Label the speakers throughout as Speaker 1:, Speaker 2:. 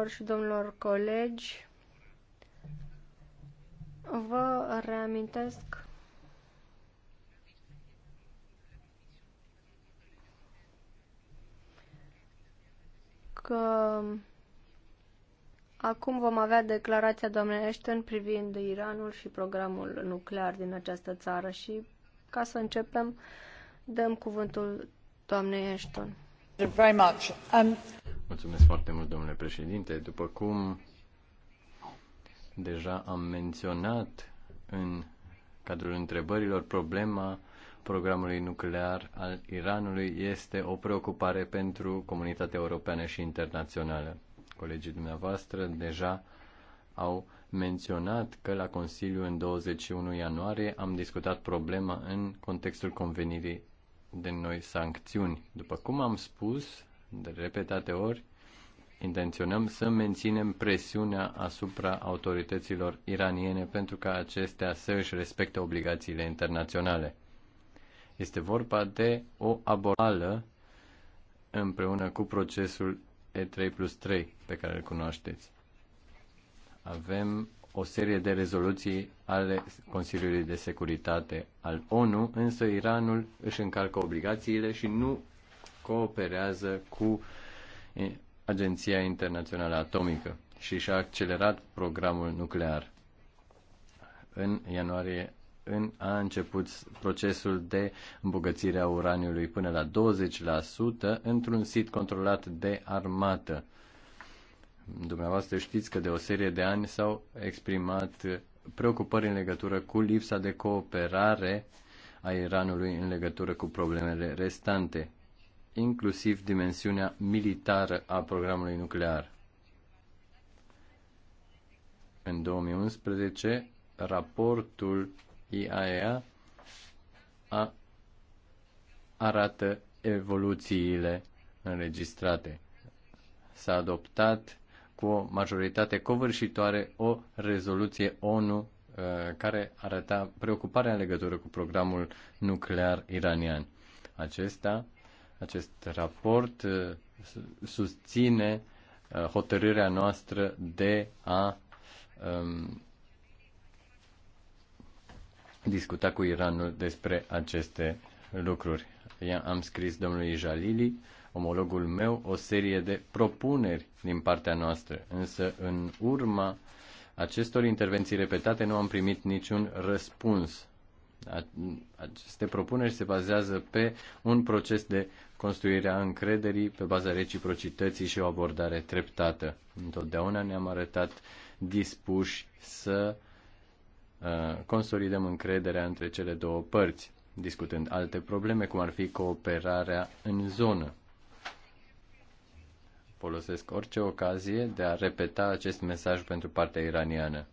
Speaker 1: doamnelor și domnilor colegi, vă reamintesc că acum vom avea declarația doamnei Ashton privind Iranul și programul nuclear din această țară și ca să începem, dăm cuvântul doamnei Ashton.
Speaker 2: Mulțumesc foarte mult, domnule președinte. După cum deja am menționat în cadrul întrebărilor, problema programului nuclear al Iranului este o preocupare pentru comunitatea europeană și internațională. Colegii dumneavoastră deja au menționat că la Consiliu în 21 ianuarie am discutat problema în contextul convenirii de noi sancțiuni. După cum am spus, de repetate ori, intenționăm să menținem presiunea asupra autorităților iraniene pentru ca acestea să își respecte obligațiile internaționale. Este vorba de o abordare împreună cu procesul E3 plus 3 pe care îl cunoașteți. Avem o serie de rezoluții ale Consiliului de Securitate al ONU, însă Iranul își încalcă obligațiile și nu cooperează cu Agenția Internațională Atomică și și-a accelerat programul nuclear. În ianuarie în, a început procesul de îmbogățire a uraniului până la 20% într-un sit controlat de armată. Dumneavoastră știți că de o serie de ani s-au exprimat preocupări în legătură cu lipsa de cooperare a Iranului în legătură cu problemele restante inclusiv dimensiunea militară a programului nuclear. În 2011, raportul IAEA a, arată evoluțiile înregistrate. S-a adoptat cu o majoritate covârșitoare o rezoluție ONU uh, care arăta preocuparea în legătură cu programul nuclear iranian. Acesta acest raport uh, susține uh, hotărârea noastră de a um, discuta cu Iranul despre aceste lucruri. I Am scris domnului Jalili, omologul meu, o serie de propuneri din partea noastră, însă în urma acestor intervenții repetate nu am primit niciun răspuns. Aceste propuneri se bazează pe un proces de construirea încrederii pe baza reciprocității și o abordare treptată. Întotdeauna ne-am arătat dispuși să uh, consolidăm încrederea între cele două părți, discutând alte probleme, cum ar fi cooperarea în zonă. Folosesc orice ocazie de a repeta acest mesaj pentru partea iraniană.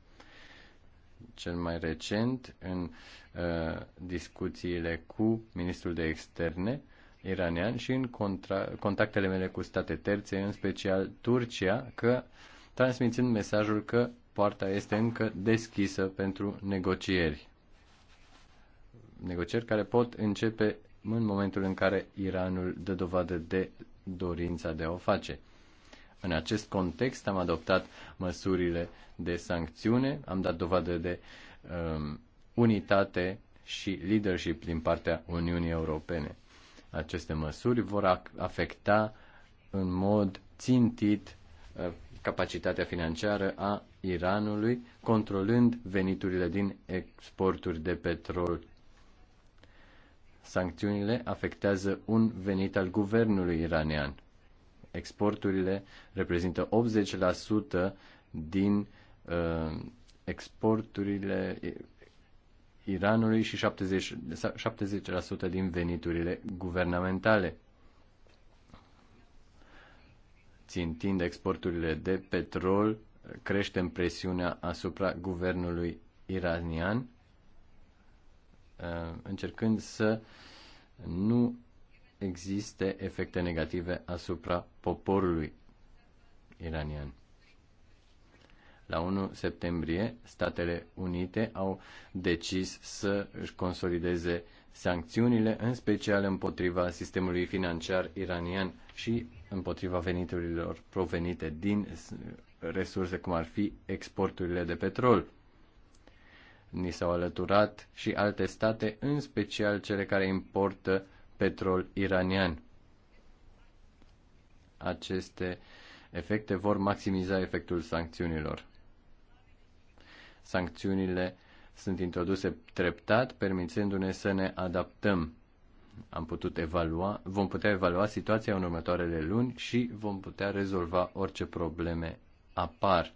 Speaker 2: Cel mai recent, în uh, discuțiile cu ministrul de externe, uh, iranian și în contra, contactele mele cu state terțe, în special Turcia, că transmițând mesajul că poarta este încă deschisă pentru negocieri. Negocieri care pot începe în momentul în care Iranul dă dovadă de dorința de a o face. În acest context am adoptat măsurile de sancțiune, am dat dovadă de um, unitate și leadership din partea Uniunii Europene. Aceste măsuri vor afecta în mod țintit uh, capacitatea financiară a Iranului, controlând veniturile din exporturi de petrol. Sancțiunile afectează un venit al guvernului iranian. Exporturile reprezintă 80% din uh, exporturile Iranului și 70, 70% din veniturile guvernamentale, țintind exporturile de petrol, creștem presiunea asupra guvernului iranian, uh, încercând să nu existe efecte negative asupra poporului iranian. La 1 septembrie, Statele Unite au decis să își consolideze sancțiunile, în special împotriva sistemului financiar iranian și împotriva veniturilor provenite din resurse cum ar fi exporturile de petrol. Ni s-au alăturat și alte state, în special cele care importă petrol iranian. Aceste efecte vor maximiza efectul sancțiunilor. Sancțiunile sunt introduse treptat, permițându-ne să ne adaptăm. Am putut evalua, vom putea evalua situația în următoarele luni și vom putea rezolva orice probleme apar.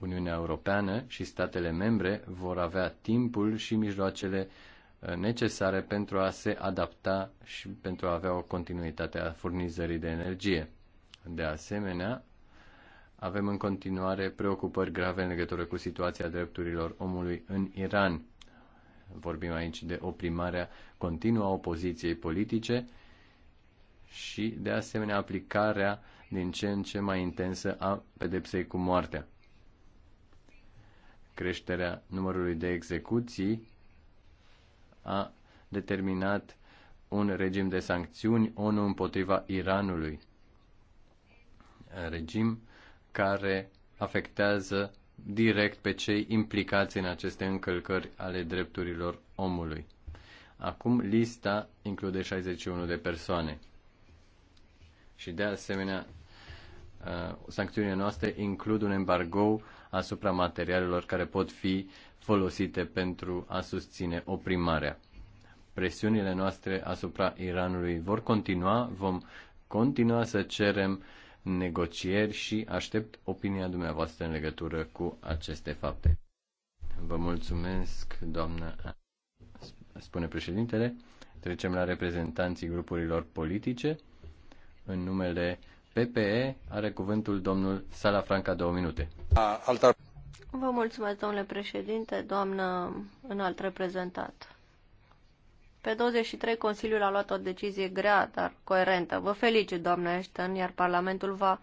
Speaker 2: Uniunea Europeană și statele membre vor avea timpul și mijloacele uh, necesare pentru a se adapta și pentru a avea o continuitate a furnizării de energie. De asemenea, avem în continuare preocupări grave în legătură cu situația drepturilor omului în Iran. Vorbim aici de oprimarea continuă a opoziției politice și, de asemenea, aplicarea din ce în ce mai intensă a pedepsei cu moartea. Creșterea numărului de execuții a determinat un regim de sancțiuni ONU împotriva Iranului. Regim care afectează direct pe cei implicați în aceste încălcări ale drepturilor omului. Acum lista include 61 de persoane. Și de asemenea, uh, sancțiunile noastre includ un embargo asupra materialelor care pot fi folosite pentru a susține oprimarea. Presiunile noastre asupra Iranului vor continua, vom continua să cerem uh, negocieri și aștept opinia dumneavoastră în legătură cu aceste fapte. Vă mulțumesc, doamnă, spune președintele. Trecem la reprezentanții grupurilor politice. În numele PPE are cuvântul domnul Sala Franca, două minute.
Speaker 1: Vă mulțumesc, domnule președinte, doamnă înalt reprezentat. Pe 23, Consiliul a luat o decizie grea, dar coerentă. Vă felicit, doamna Ashton, iar Parlamentul va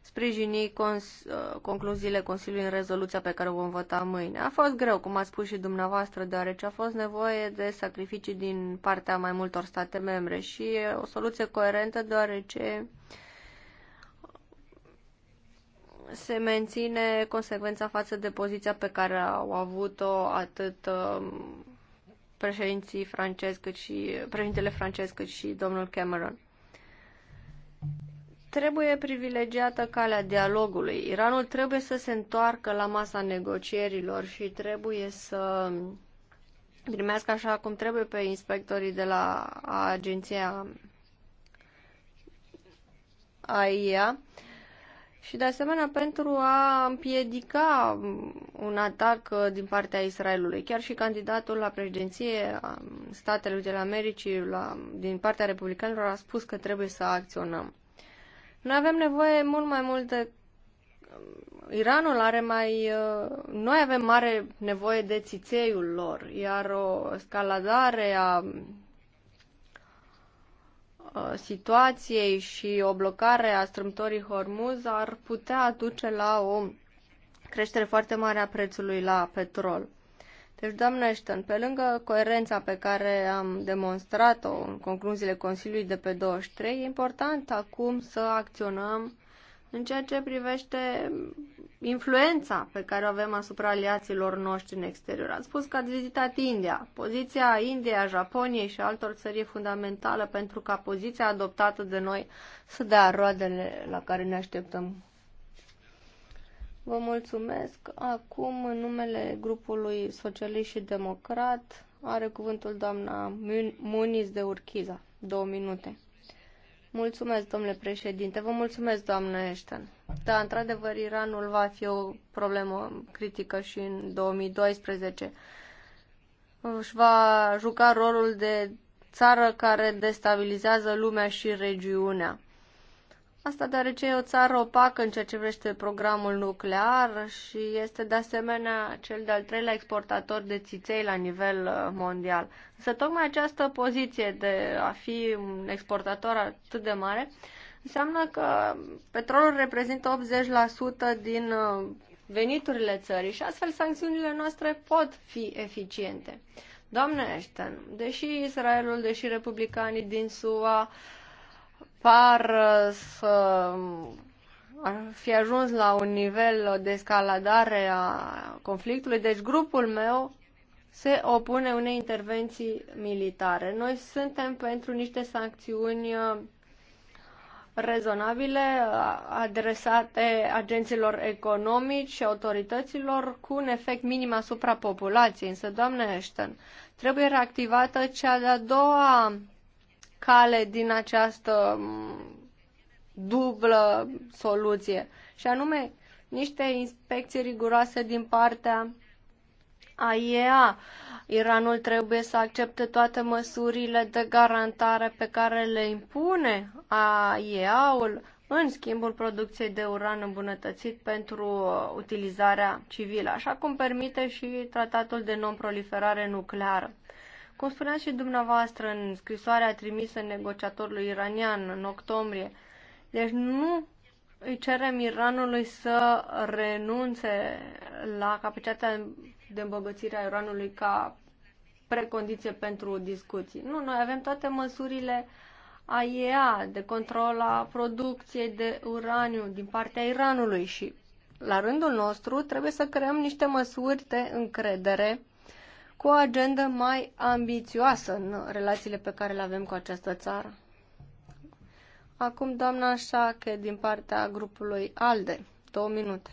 Speaker 1: sprijini cons- uh, concluziile Consiliului în rezoluția pe care o vom vota mâine. A fost greu, cum a spus și dumneavoastră, deoarece a fost nevoie de sacrificii din partea mai multor state membre și o soluție coerentă, deoarece se menține consecvența față de poziția pe care au avut-o atât um, președinții francez, cât și președintele francez, cât și domnul Cameron. Trebuie privilegiată calea dialogului. Iranul trebuie să se întoarcă la masa negocierilor și trebuie să primească așa cum trebuie pe inspectorii de la agenția AIA. Uh, și de asemenea pentru a împiedica mm, un atac uh, din partea Israelului. Chiar și candidatul la președinție a um, Statelor Unite la Americii la, din partea republicanilor a spus că trebuie să acționăm. Noi avem nevoie mult mai mult de mm, Iranul are mai... Uh, noi avem mare nevoie de țițeiul lor, iar o scaladare a Uh, situației și o blocare a strâmtorii Hormuz ar putea aduce la o creștere foarte mare a prețului la petrol. Deci, doamne Ashton, pe lângă coerența pe care am demonstrat-o în concluziile Consiliului de pe 23, e important acum să acționăm în ceea ce privește influența pe care o avem asupra aliaților noștri în exterior. Ați spus că ați vizitat India. Poziția India, Japoniei și altor țări e fundamentală pentru ca poziția adoptată de noi să dea roadele la care ne așteptăm. Vă mulțumesc. Acum, în numele grupului Socialist și Democrat, are cuvântul doamna Muniz de Urchiza. Două minute. Mulțumesc, domnule președinte. Vă mulțumesc, doamnă Ashton. Da, într-adevăr, Iranul va fi o problemă critică și în 2012. Își va juca rolul de țară care destabilizează lumea și regiunea. Asta deoarece e o țară opacă în ceea ce vrește programul nuclear și este de asemenea cel de-al treilea exportator de țiței la nivel uh, mondial. Însă tocmai această poziție de a fi un exportator atât de mare înseamnă că petrolul reprezintă 80% din uh, veniturile țării și astfel sancțiunile noastre pot fi eficiente. Doamne Ashton, deși Israelul, deși republicanii din SUA par să ar fi ajuns la un nivel de escaladare a conflictului, deci grupul meu se opune unei intervenții militare. Noi suntem pentru niște sancțiuni uh, rezonabile uh, adresate agenților economici și autorităților cu un efect minim asupra populației. Însă, doamne Ashton, trebuie reactivată cea de-a doua cale din această dublă soluție, și anume niște inspecții riguroase din partea AIEA. Iranul trebuie să accepte toate măsurile de garantare pe care le impune AIEA-ul în schimbul producției de uran îmbunătățit pentru uh, utilizarea civilă, așa cum permite și tratatul de non-proliferare nucleară. Cum spuneați și dumneavoastră în scrisoarea trimisă negociatorului iranian în octombrie, deci nu îi cerem Iranului să renunțe la capacitatea de îmbogățire a Iranului ca precondiție pentru discuții. Nu, noi avem toate măsurile AIEA de control a producției de uraniu din partea Iranului și la rândul nostru trebuie să creăm niște măsuri de încredere cu o agendă mai ambițioasă în relațiile pe care le avem cu această țară. Acum doamna Șache din partea grupului ALDE. Două minute.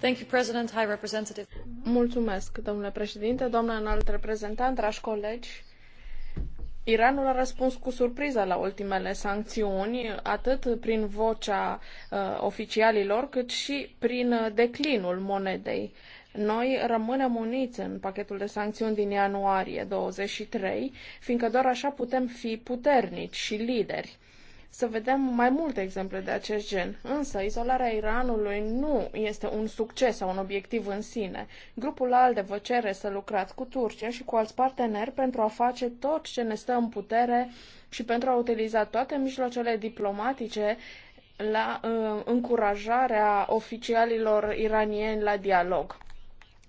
Speaker 1: Thank you, President, High Representative. Mulțumesc, domnule
Speaker 3: președinte, doamna înalt reprezentant, dragi colegi. Iranul a răspuns cu surpriză la ultimele sancțiuni, atât prin vocea uh, oficialilor, cât și prin uh, declinul monedei. Uh, noi rămânem uniți în pachetul de sancțiuni din ianuarie 23, fiindcă doar așa putem fi puternici și lideri să vedem mai multe exemple de acest gen. Însă, izolarea Iranului nu este un succes sau un obiectiv în sine. Grupul ALDE vă cere să lucrați cu Turcia și cu alți parteneri pentru a face tot ce ne stă în putere și pentru a utiliza toate mijloacele diplomatice la uh, încurajarea oficialilor iranieni la dialog.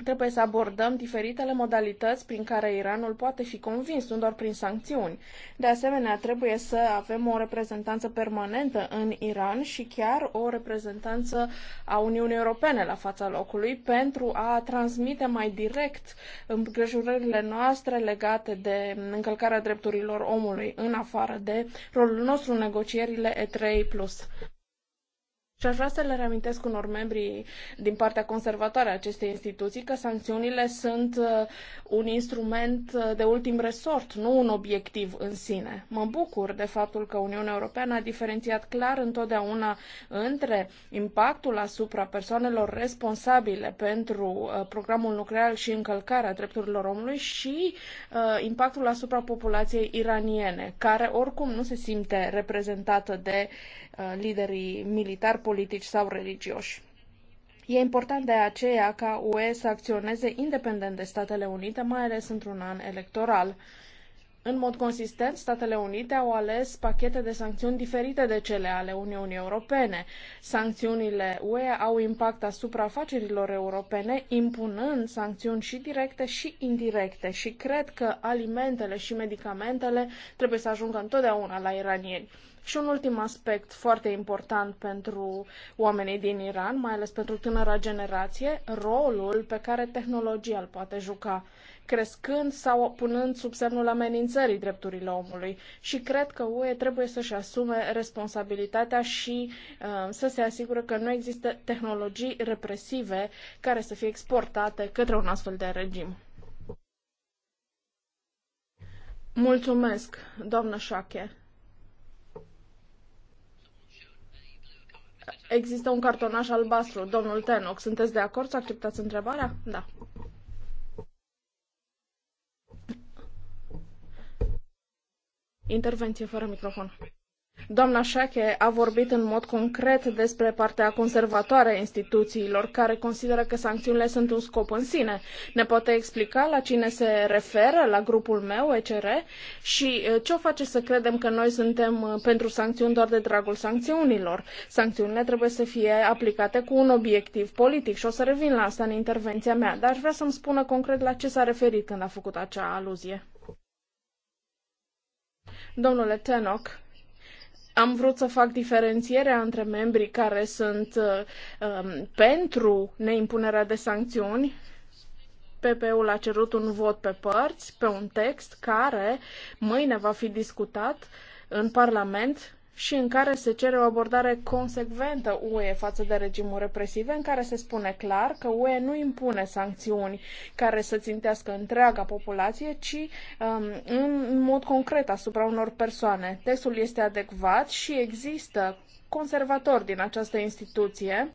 Speaker 3: Trebuie să abordăm diferitele modalități prin care Iranul poate fi convins, nu doar prin sancțiuni. De asemenea, trebuie să avem o reprezentanță permanentă în Iran și chiar o reprezentanță a Uniunii Europene la fața locului pentru a transmite mai direct îngrijorările noastre legate de încălcarea drepturilor omului, în afară de rolul nostru în negocierile E3+. Și deci aș vrea să le reamintesc unor membri din partea conservatoare a acestei instituții că sancțiunile sunt uh, un instrument uh, de ultim resort, nu un obiectiv în sine. Mă bucur de faptul că Uniunea Europeană a diferențiat clar întotdeauna între impactul asupra persoanelor responsabile pentru uh, programul nuclear și încălcarea drepturilor omului și impactul asupra populației iraniene, care oricum nu se simte reprezentată de liderii militari, politici sau religioși. E important de aceea ca UE să acționeze independent de Statele Unite, mai ales într-un an electoral. În mod consistent, Statele Unite au ales pachete de sancțiuni diferite de cele ale Uniunii Europene. Sancțiunile UE au impact asupra afacerilor europene, impunând sancțiuni și directe și indirecte și cred că alimentele și medicamentele trebuie să ajungă întotdeauna la iranieni. Și un ultim aspect foarte important pentru oamenii din Iran, mai ales pentru tânăra generație, rolul pe care tehnologia îl poate juca, crescând sau punând sub semnul amenințării drepturile omului. Și cred că UE trebuie să-și asume responsabilitatea și uh, să se asigure că nu există tehnologii represive care să fie exportate către un astfel de regim. Mulțumesc, doamnă Șache. Există un cartonaș albastru. Domnul Tenoc, sunteți de acord să acceptați întrebarea? Da. Intervenție fără microfon. Doamna Șache a vorbit în mod concret despre partea conservatoare a instituțiilor, care consideră că sancțiunile sunt un scop în sine. Ne poate explica la cine se referă, la grupul meu, ECR, și ce o face să credem că noi suntem pentru sancțiuni doar de dragul sancțiunilor? Sancțiunile trebuie să fie aplicate cu un obiectiv politic și o să revin la asta în intervenția mea, dar aș vrea să-mi spună concret la ce s-a referit când a făcut acea aluzie. Domnule Tenoc, am vrut să fac diferențierea între membrii care sunt um, pentru neimpunerea de sancțiuni. PP-ul a cerut un vot pe părți, pe un text care mâine va fi discutat în Parlament și în care se cere o abordare consecventă UE față de regimul represiv, în care se spune clar că UE nu impune sancțiuni care să țintească întreaga populație, ci um, în mod concret asupra unor persoane. Textul este adecvat și există conservatori din această instituție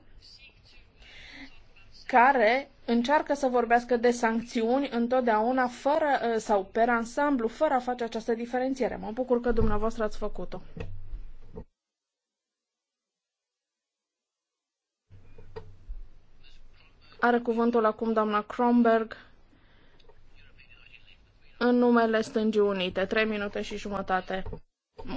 Speaker 3: care încearcă să vorbească de sancțiuni întotdeauna fără, uh, sau pe ansamblu, fără a face această diferențiere. Mă bucur că dumneavoastră ați făcut-o. Are cuvântul acum doamna Kronberg în numele Stângii Unite. Trei minute și jumătate.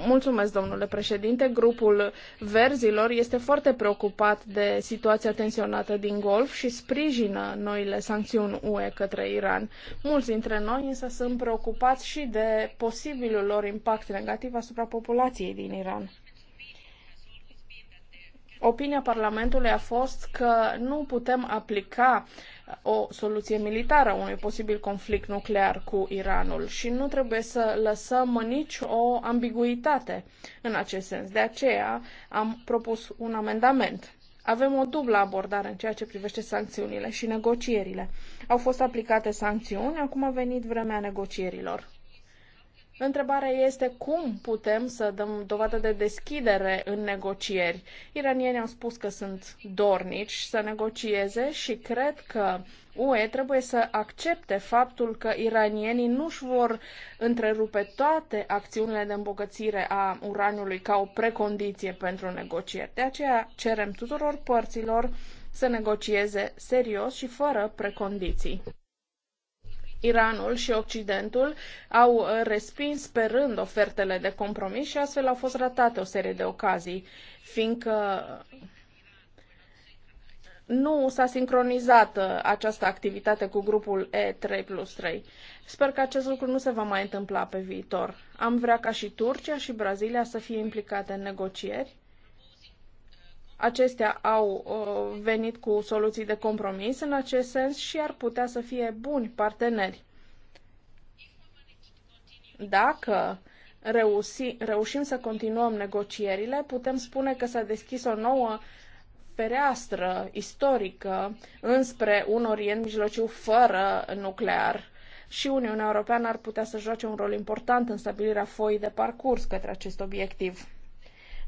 Speaker 3: Mulțumesc, domnule președinte. Grupul Verzilor este foarte preocupat de situația tensionată din Golf și sprijină noile sancțiuni UE către Iran. Mulți dintre noi însă sunt preocupați și de posibilul lor impact negativ asupra populației din Iran. Opinia Parlamentului a fost că nu putem aplica uh, o soluție militară a unui posibil conflict nuclear cu Iranul și nu trebuie să lăsăm nici o ambiguitate în acest sens. De aceea am propus un amendament. Avem o dublă abordare în ceea ce privește sancțiunile și negocierile. Au fost aplicate sancțiuni, acum a venit vremea negocierilor. Întrebarea este cum putem să dăm dovadă de deschidere în negocieri. Iranienii au spus că sunt dornici să negocieze și cred că UE trebuie să accepte faptul că iranienii nu își vor întrerupe toate acțiunile de îmbogățire a uraniului ca o precondiție pentru negocieri. De aceea cerem tuturor părților să negocieze serios și fără precondiții. Iranul și Occidentul au uh, respins rând ofertele de compromis și astfel au fost ratate o serie de ocazii, fiindcă nu s-a sincronizat uh, această activitate cu grupul E3 plus 3. Sper că acest lucru nu se va mai întâmpla pe viitor. Am vrea ca și Turcia și Brazilia să fie implicate în negocieri Acestea au uh, venit cu soluții de compromis în acest sens și ar putea să fie buni parteneri. Dacă reuși, reușim să continuăm negocierile, putem spune că s-a deschis o nouă fereastră istorică înspre un Orient Mijlociu fără nuclear și Uniunea Europeană ar putea să joace un rol important în stabilirea foii de parcurs către acest obiectiv.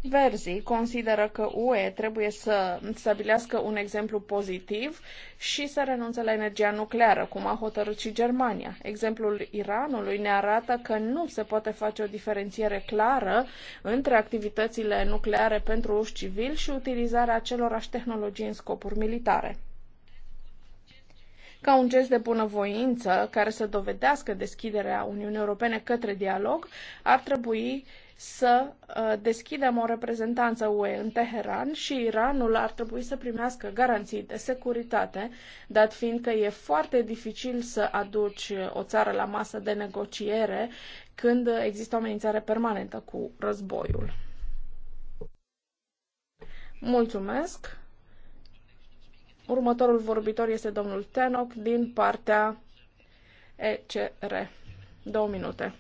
Speaker 3: Verzii consideră că UE trebuie să stabilească un exemplu pozitiv și să renunțe la energia nucleară, cum a hotărât și Germania. Exemplul Iranului ne arată că nu se poate face o diferențiere clară între activitățile nucleare pentru uși civil și utilizarea acelorași tehnologii în scopuri militare ca un gest de bunăvoință care să dovedească deschiderea Uniunii Europene către dialog, ar trebui să uh, deschidem o reprezentanță UE în Teheran și Iranul ar trebui să primească garanții de securitate, dat fiind că e foarte dificil să aduci o țară la masă de negociere când există o amenințare permanentă cu războiul. Mulțumesc! Următorul vorbitor este domnul Tenok din partea ECR. Două minute.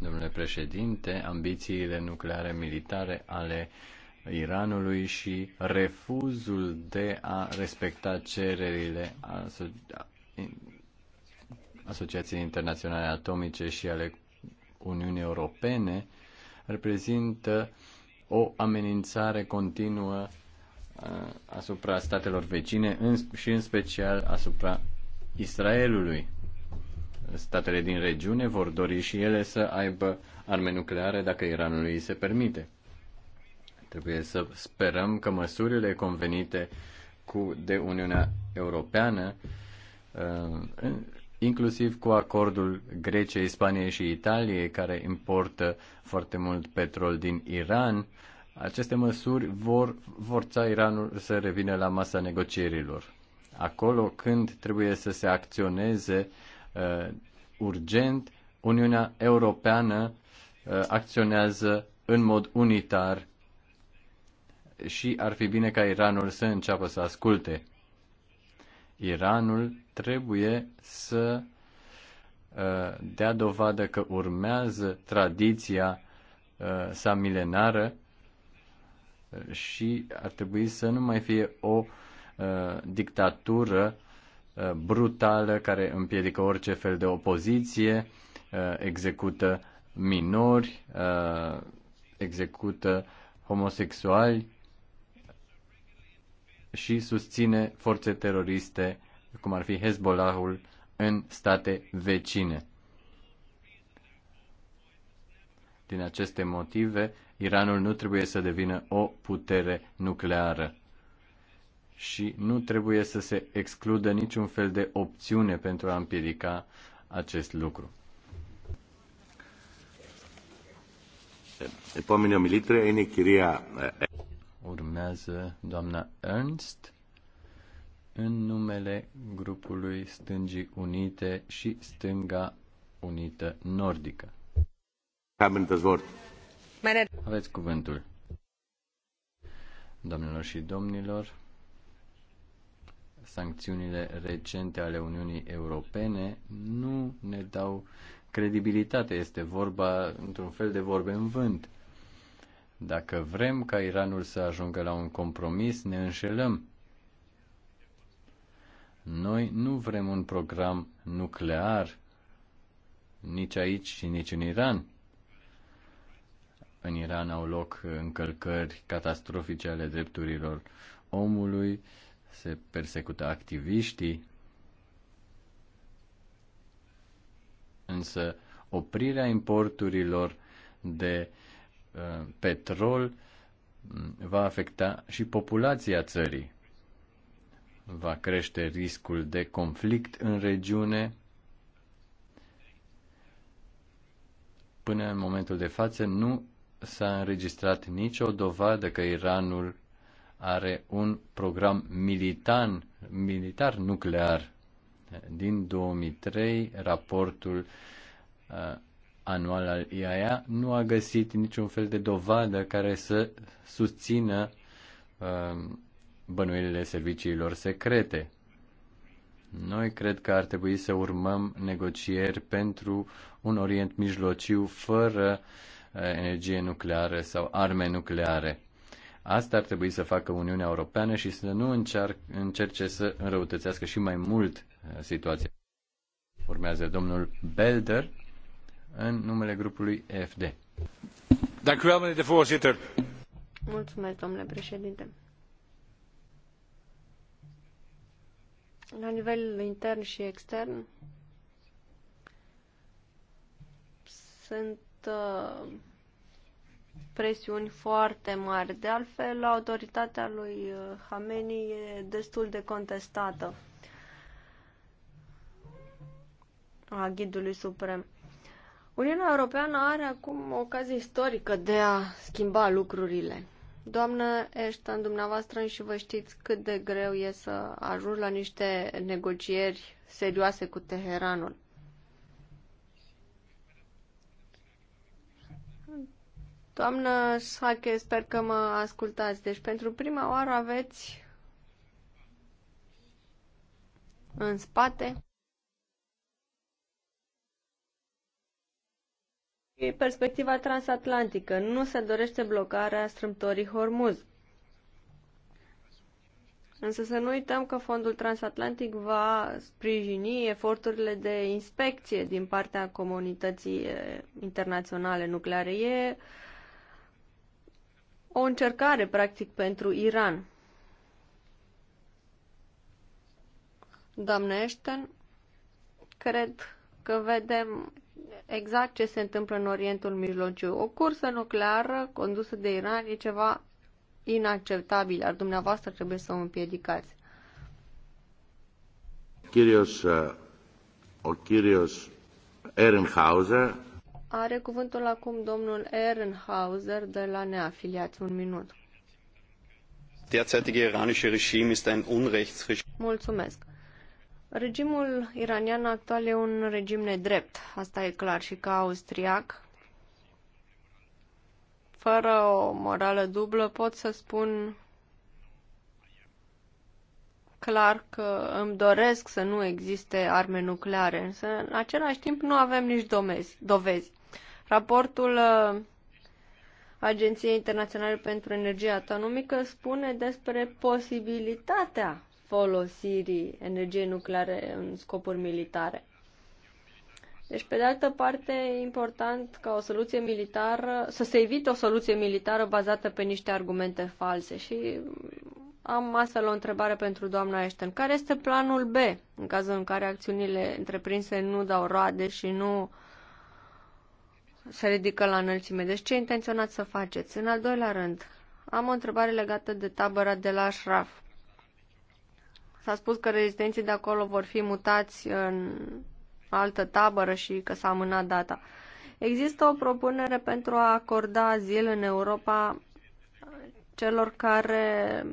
Speaker 2: Domnule președinte, ambițiile nucleare militare ale Iranului și refuzul de a respecta cererile aso- Asociației Internaționale Atomice și ale Uniunii Europene reprezintă o amenințare continuă asupra statelor vecine și în special asupra Israelului. Statele din regiune vor dori și ele să aibă arme nucleare dacă Iranului îi se permite. Trebuie să sperăm că măsurile convenite cu, de Uniunea Europeană, inclusiv cu acordul Greciei, Spaniei și Italiei, care importă foarte mult petrol din Iran, aceste măsuri vor forța Iranul să revină la masa negocierilor. Acolo când trebuie să se acționeze uh, urgent, Uniunea Europeană uh, acționează în mod unitar și ar fi bine ca Iranul să înceapă să asculte. Iranul trebuie să uh, dea dovadă că urmează tradiția uh, sa milenară și ar trebui să nu mai fie o uh, dictatură uh, brutală care împiedică orice fel de opoziție, uh, execută minori, uh, execută homosexuali și susține forțe teroriste, cum ar fi Hezbollahul, în state vecine. Din aceste motive, Iranul nu trebuie să devină o putere nucleară și nu trebuie să se excludă niciun fel de opțiune pentru a împiedica acest lucru. Eh, Urmează doamna Ernst în numele grupului Stângii Unite și Stânga Unită Nordică. Haben das Wort. Aveți cuvântul. domnilor și domnilor, sancțiunile recente ale Uniunii Europene nu ne dau credibilitate. Este vorba într-un fel de vorbe în vânt. Dacă vrem ca Iranul să ajungă la un compromis, ne înșelăm. Noi nu vrem un program nuclear nici aici și nici în Iran în Iran au loc încălcări catastrofice ale drepturilor omului, se persecută activiștii, însă oprirea importurilor de uh, petrol mm, va afecta și populația țării. Va crește riscul de conflict în regiune. Până în momentul de față nu s-a înregistrat nicio dovadă că Iranul are un program militan, militar nuclear. Din 2003, raportul uh, anual al IAEA nu a găsit niciun fel de dovadă care să susțină uh, bănuielile serviciilor secrete. Noi cred că ar trebui să urmăm negocieri pentru un Orient mijlociu fără uh, energie nucleară sau arme nucleare. Asta ar trebui să facă Uniunea Europeană și să nu încearc, încerce să înrăutățească și mai mult uh, situația. Urmează domnul Belder în numele grupului FD.
Speaker 1: Mulțumesc, domnule președinte. La nivel intern și extern, sunt Uh, presiuni foarte mari. De altfel, autoritatea lui uh, Hameni e destul de contestată a ghidului suprem. Uniunea Europeană are acum o ocazie istorică de a schimba lucrurile. Doamnă Ashton, dumneavoastră și vă știți cât de greu e să ajungi la niște negocieri serioase cu Teheranul. Doamnă Sache, sper că mă ascultați. Deci, pentru prima oară aveți în spate perspectiva transatlantică. Nu se dorește blocarea strâmtorii Hormuz. Însă să nu uităm că fondul transatlantic va sprijini eforturile de inspecție din partea comunității eh, internaționale nucleare. E o încercare, practic, pentru Iran. Doamne Ashton, cred că vedem exact ce se întâmplă în Orientul Mijlociu. O cursă nucleară condusă de Iran e ceva inacceptabil, iar dumneavoastră trebuie să o împiedicați.
Speaker 4: Chirios, uh, o Chirios Ehrenhauser
Speaker 1: are cuvântul acum domnul Ehrenhauser de la Neafiliați. Un minut.
Speaker 5: Derzeitige iranische Regime este un Unrechtsregime.
Speaker 1: Mulțumesc. Regimul iranian actual e un regim nedrept, asta e clar și ca austriac. Fără o morală dublă pot să spun clar că îmi doresc să nu existe arme nucleare, însă în același timp nu avem nici domezi, dovezi. Raportul uh, Agenției Internaționale pentru Energie Atomică spune despre posibilitatea folosirii energiei nucleare în scopuri militare. Deci, pe de altă parte, e important ca o soluție militară, să se evite o soluție militară bazată pe niște argumente false. Și am astfel o întrebare pentru doamna Ashton. Care este planul B în cazul în care acțiunile întreprinse nu dau roade și nu uh, se ridică la înălțime. Deci ce intenționați să faceți? În al doilea rând, am o întrebare legată de tabăra de la Ashraf. S-a spus că rezidenții de acolo vor fi mutați în altă tabără și că s-a amânat data. Există o propunere pentru a acorda azil în Europa celor care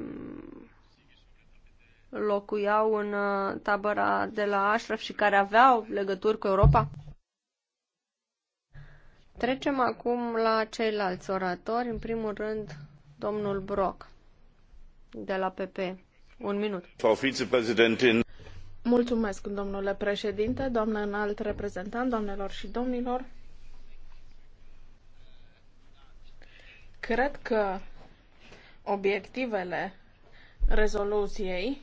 Speaker 1: locuiau în tabăra de la Ashraf și care aveau legături cu Europa? Trecem acum la ceilalți oratori. În primul rând, domnul Brock, de la PP. Un minut.
Speaker 4: Frau Vizepräsidentin.
Speaker 1: Mulțumesc, domnule președinte,
Speaker 3: doamnă înalt reprezentant, doamnelor și domnilor. Cred că obiectivele rezoluției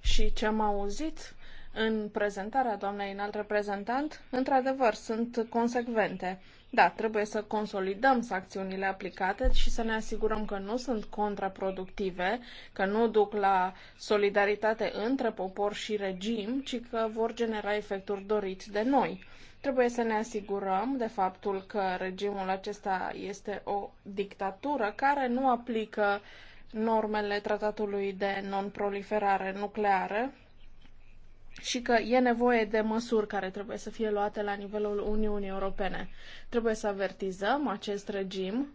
Speaker 3: și ce am auzit în prezentarea doamnei înalt reprezentant, într-adevăr, sunt consecvente. Da, trebuie să consolidăm sancțiunile aplicate și să ne asigurăm că nu sunt contraproductive, că nu duc la solidaritate între popor și regim, ci că vor genera efecturi doriți de noi. Trebuie să ne asigurăm de faptul că regimul acesta este o dictatură care nu aplică normele tratatului de non-proliferare nucleară, și că e nevoie de măsuri care trebuie să fie luate la nivelul Uniunii Europene. Trebuie să avertizăm acest regim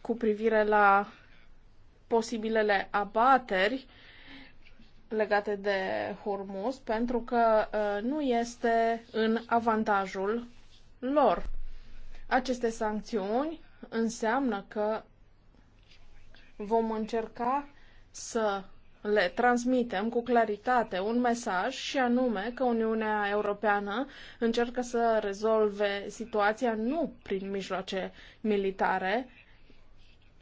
Speaker 3: cu privire la posibilele abateri legate de Hormuz, pentru că uh, nu este în avantajul lor. Aceste sancțiuni înseamnă că vom încerca să le transmitem cu claritate un mesaj și anume că Uniunea Europeană încearcă să rezolve situația nu prin mijloace militare,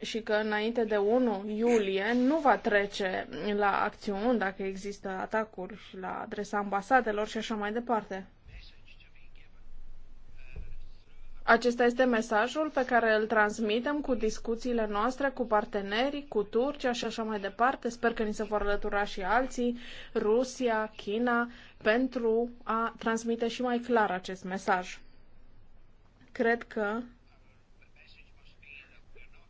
Speaker 3: și că înainte de 1 iulie nu va trece la acțiuni dacă există atacuri la adresa ambasadelor și așa mai departe. Acesta este mesajul pe care îl transmitem cu discuțiile noastre, cu partenerii, cu Turcia și așa mai departe. Sper că ni se vor alătura și alții, Rusia, China, pentru a transmite și mai clar acest mesaj. Cred că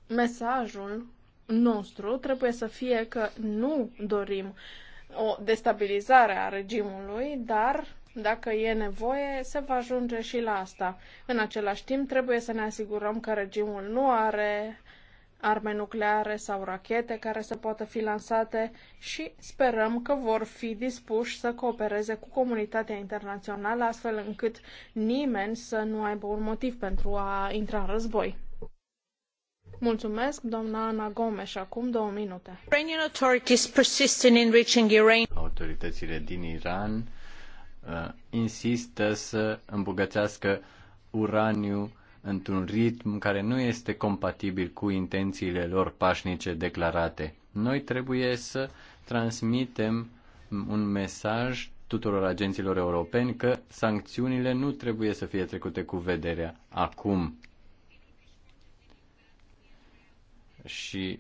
Speaker 3: mesajul nostru trebuie să fie că nu dorim o destabilizare a regimului, dar dacă e nevoie, se va ajunge și la asta. În același timp, trebuie să ne asigurăm că regimul nu are arme nucleare sau rachete care să poată fi lansate și sperăm că vor fi dispuși să coopereze cu comunitatea internațională astfel încât nimeni să nu aibă un motiv pentru a intra în război. Mulțumesc, doamna Ana Gomes. Acum două minute.
Speaker 2: Autoritățile din Iran Uh, insistă să îmbogățească uraniu într-un ritm care nu este compatibil cu intențiile lor pașnice declarate. Noi trebuie să transmitem un mesaj tuturor agenților europeni că sancțiunile nu trebuie să fie trecute cu vederea acum. Și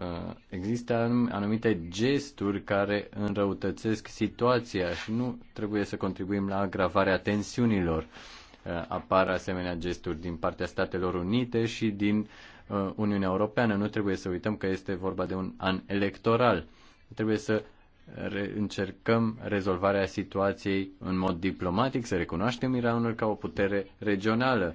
Speaker 2: Uh, există anumite gesturi care înrăutățesc situația și nu trebuie să contribuim la agravarea tensiunilor. Uh, apar asemenea gesturi din partea Statelor Unite și din uh, Uniunea Europeană. Nu trebuie să uităm că este vorba de un an electoral. Trebuie să încercăm rezolvarea situației în mod diplomatic, să recunoaștem Iranul ca o putere regională,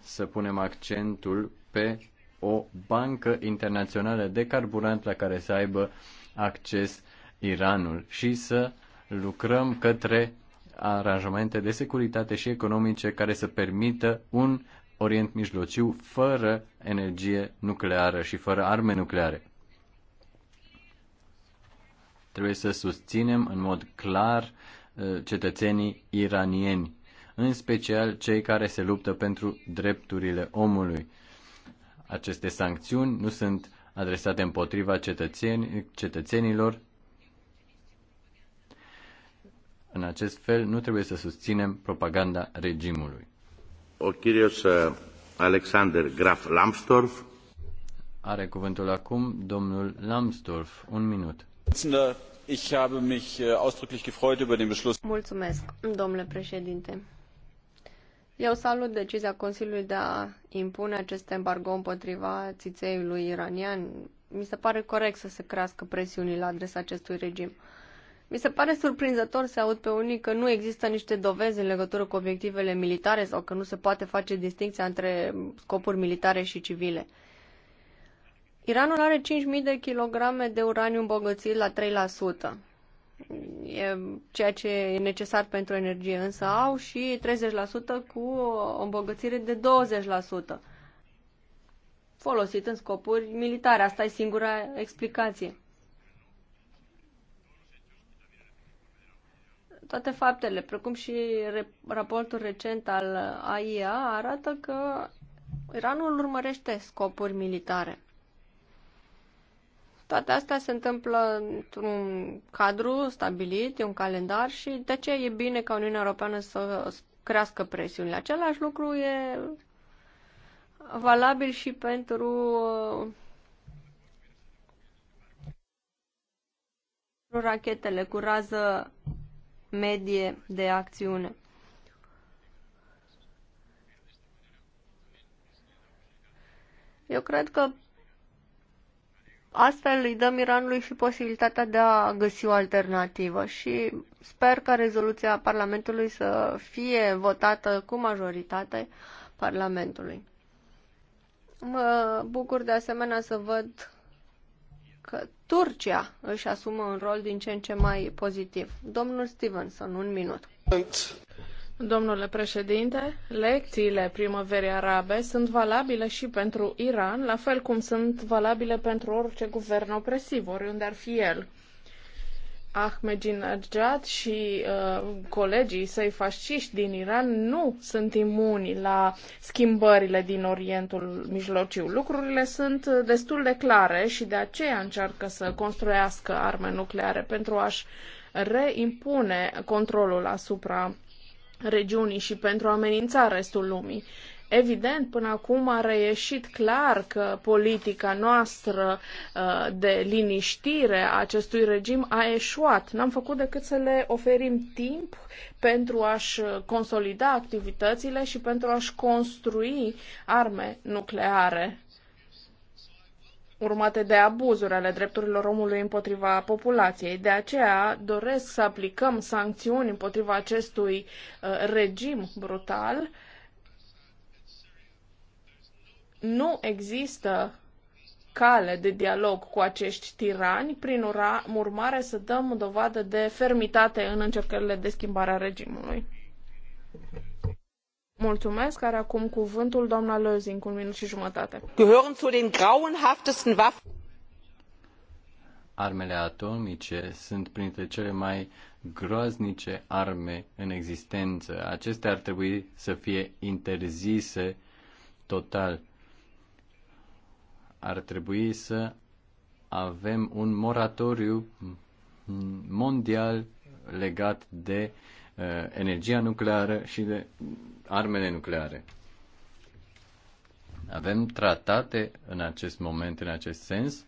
Speaker 2: să punem accentul pe o bancă internațională de carburant la care să aibă acces Iranul și să lucrăm către aranjamente de securitate și economice care să permită un Orient Mijlociu fără energie nucleară și fără arme nucleare. Trebuie să susținem în mod clar uh, cetățenii iranieni, în special cei care se luptă pentru drepturile omului aceste sancțiuni nu sunt adresate împotriva cetățeni, cetățenilor. În acest fel, nu trebuie să susținem propaganda regimului.
Speaker 4: O Chirios uh, Alexander Graf Lambsdorff.
Speaker 2: Are cuvântul acum domnul Lambsdorff. Un minut. Uh, Mulțumesc,
Speaker 1: domnule președinte. Eu salut decizia Consiliului de a impune acest embargo împotriva țițeiului iranian. Mi se pare corect să se crească presiunile la adresa acestui regim. Mi se pare surprinzător să aud pe unii că nu există niște dovezi în legătură cu obiectivele militare sau că nu se poate face distinția între scopuri militare și civile. Iranul are 5.000 de kilograme de uraniu îmbogățit la ceea ce e necesar pentru energie, însă au și 30% cu o îmbogățire de 20% folosit în scopuri militare. Asta e singura explicație. Toate faptele, precum și raportul recent al AIA, arată că Iranul urmărește scopuri militare. Toate astea se întâmplă într-un cadru stabilit, e un calendar și de ce e bine ca Uniunea Europeană să crească presiunile. Același lucru e valabil și pentru rachetele cu rază medie de acțiune. Eu cred că Astfel îi dăm Iranului și posibilitatea de a găsi o alternativă și sper ca rezoluția Parlamentului să fie votată cu majoritate Parlamentului. Mă bucur de asemenea să văd că Turcia își asumă un rol din ce în ce mai pozitiv. Domnul Stevenson, un minut. Domnule președinte,
Speaker 3: lecțiile primăverii arabe sunt valabile și pentru Iran, la fel cum sunt valabile pentru orice guvern opresiv, oriunde ar fi el. Ahmedinejad și uh, colegii săi fasciști din Iran nu sunt imuni la schimbările din Orientul Mijlociu. Lucrurile sunt destul de clare și de aceea încearcă să construiască arme nucleare pentru a-și reimpune controlul asupra regiunii și pentru a amenința restul lumii. Evident, până acum a reieșit clar că politica noastră uh, de liniștire a acestui regim a eșuat. N-am făcut decât să le oferim timp pentru a-și consolida activitățile și pentru a-și construi arme nucleare urmate de abuzuri ale drepturilor omului împotriva populației. De aceea doresc să aplicăm sancțiuni împotriva acestui uh, regim brutal. Nu există cale de dialog cu acești tirani, prin ura, urmare să dăm dovadă de fermitate în încercările de schimbare a regimului. Mulțumesc, are acum cuvântul doamna Lözing, un minut și jumătate.
Speaker 2: Gehören zu den grauenhaftesten Waffen. Armele atomice sunt printre cele mai groaznice arme în existență. Acestea ar trebui să fie interzise total. Ar trebui să avem un moratoriu mondial legat de uh, Uh, energia nucleară și de armele nucleare. Avem tratate în acest moment, în acest sens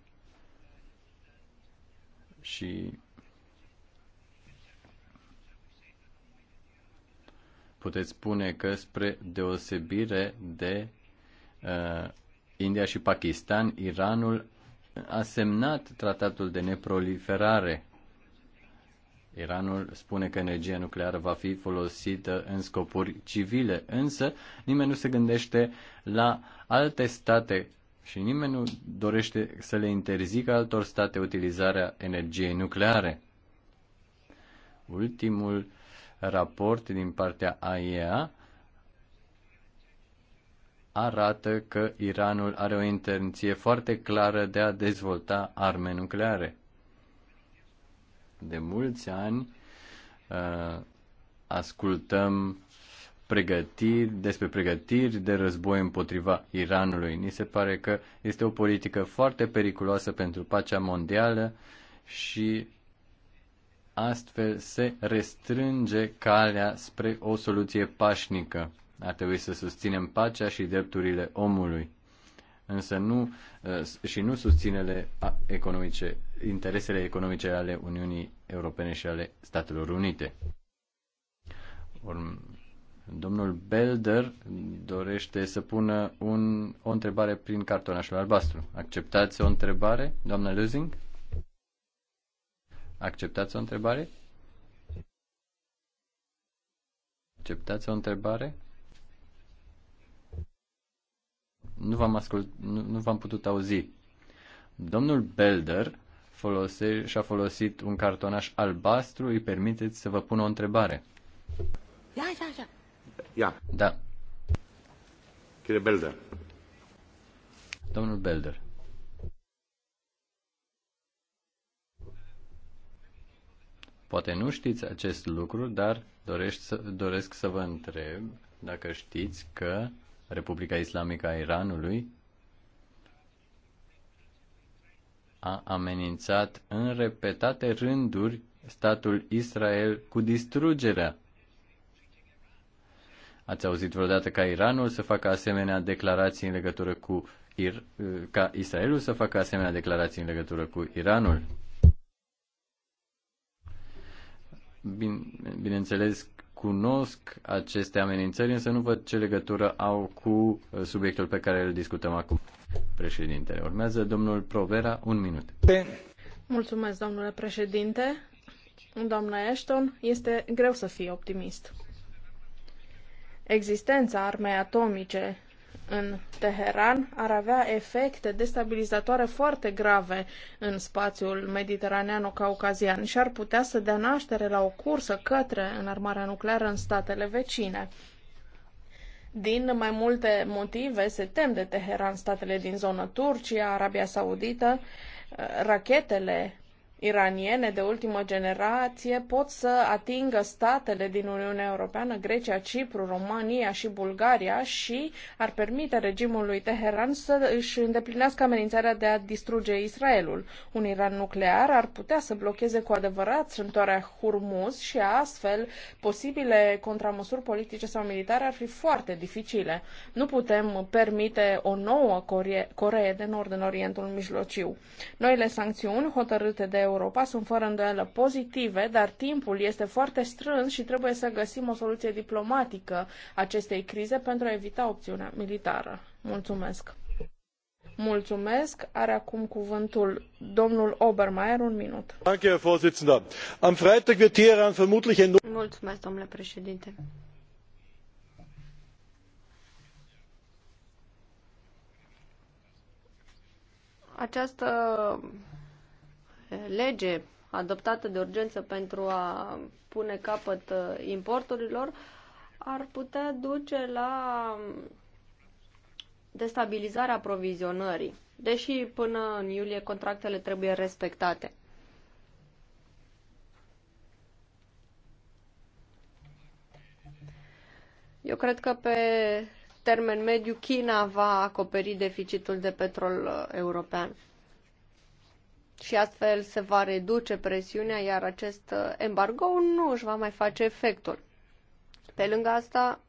Speaker 2: și puteți spune că spre deosebire de uh, India și Pakistan, Iranul a semnat tratatul de neproliferare Iranul spune că energia nucleară va fi folosită în scopuri civile, însă nimeni nu se gândește la alte state și nimeni nu dorește să le interzică altor state utilizarea energiei nucleare. Ultimul raport din partea AIEA arată că Iranul are o intenție foarte clară de a dezvolta arme nucleare. De mulți ani uh, ascultăm pregătiri, despre pregătiri de război împotriva Iranului. Ni se pare că este o politică foarte periculoasă pentru pacea mondială și astfel se restrânge calea spre o soluție pașnică. Ar trebui să susținem pacea și drepturile omului, însă nu uh, și nu susținele economice interesele economice ale Uniunii Europene și ale Statelor Unite. Domnul Belder dorește să pună un, o întrebare prin cartonașul albastru. Acceptați o întrebare, doamna Lusing? Acceptați o întrebare? Acceptați o întrebare? Nu v-am, ascult, nu, nu v-am putut auzi. Domnul Belder folose- și-a folosit un cartonaș albastru, îi permiteți să vă pun o întrebare. Ia, ia, ia. Ia. Da. Chire Belder. Domnul Belder. Poate nu știți acest lucru, dar dorești să, doresc să vă întreb dacă știți că Republica Islamică a Iranului a amenințat în repetate rânduri statul Israel cu distrugerea. Ați auzit vreodată ca Iranul să facă asemenea declarații în legătură cu Ir- ca Israelul să facă asemenea declarații în legătură cu Iranul? Bine, bineînțeles, cunosc aceste amenințări, însă nu văd ce legătură au cu uh, subiectul pe care îl discutăm acum. Președintele, urmează domnul Provera, un minut.
Speaker 3: Mulțumesc, domnule președinte. Doamna Ashton, este greu să fii optimist. Existența armei atomice în Teheran ar avea efecte destabilizatoare foarte grave în spațiul mediteraneano-caucazian și ar putea să dea naștere la o cursă către înarmarea nucleară în statele vecine. Din mai multe motive se tem de Teheran statele din zonă Turcia, Arabia Saudită. Eh, rachetele iraniene de ultimă generație pot să atingă statele din Uniunea Europeană, Grecia, Cipru, România și Bulgaria și ar permite regimului Teheran să își îndeplinească amenințarea de a distruge Israelul. Un Iran nuclear ar putea să blocheze cu adevărat strântoarea Hurmuz și astfel posibile contramăsuri politice sau militare ar fi foarte dificile. Nu putem permite o nouă Coree, Coree de Nord în Orientul Mijlociu. Noile sancțiuni hotărâte de Europa sunt fără îndoială pozitive, dar timpul este foarte strâns și trebuie să găsim o soluție diplomatică acestei crize pentru a evita opțiunea militară. Mulțumesc! Mulțumesc. Are acum cuvântul domnul Obermeier, un minut.
Speaker 1: Mulțumesc, domnule președinte. Această lege adoptată de urgență pentru a pune capăt uh, importurilor ar putea duce la destabilizarea aprovizionării, deși până în iulie contractele trebuie respectate. Eu cred că pe termen mediu China va acoperi deficitul de petrol uh, european și astfel se va reduce presiunea, iar acest uh, embargo nu își va mai face efectul. Pe lângă asta,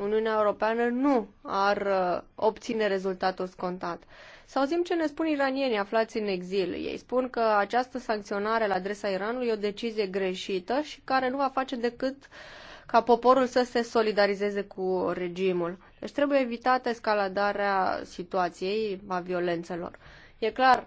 Speaker 1: Uniunea Europeană nu ar uh, obține rezultatul scontat. Să auzim ce ne spun iranienii aflați în exil. Ei spun că această sancționare la adresa Iranului e o decizie greșită și care nu va face decât ca poporul să se solidarizeze cu regimul. Deci trebuie evitată escaladarea situației a violențelor. E clar,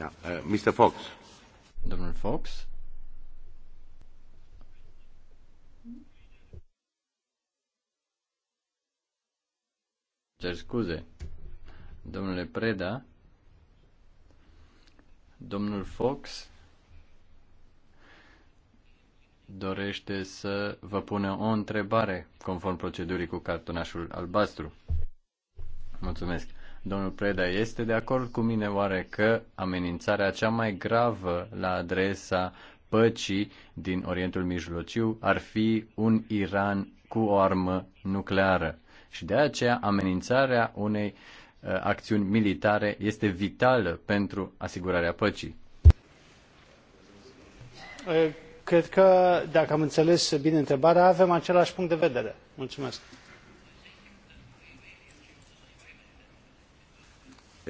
Speaker 2: Uh, Mr. Fox. Domnul Fox. Cer scuze. Domnule Preda. Domnul Fox dorește să vă pună o întrebare conform procedurii cu cartonașul albastru. Mulțumesc. Domnul Preda este de acord cu mine oare că amenințarea cea mai gravă la adresa păcii din Orientul Mijlociu ar fi un Iran cu o armă nucleară. Și de aceea amenințarea unei uh, acțiuni militare este vitală pentru asigurarea păcii.
Speaker 4: Uh, cred că, dacă am înțeles bine întrebarea, avem același punct de vedere. Mulțumesc.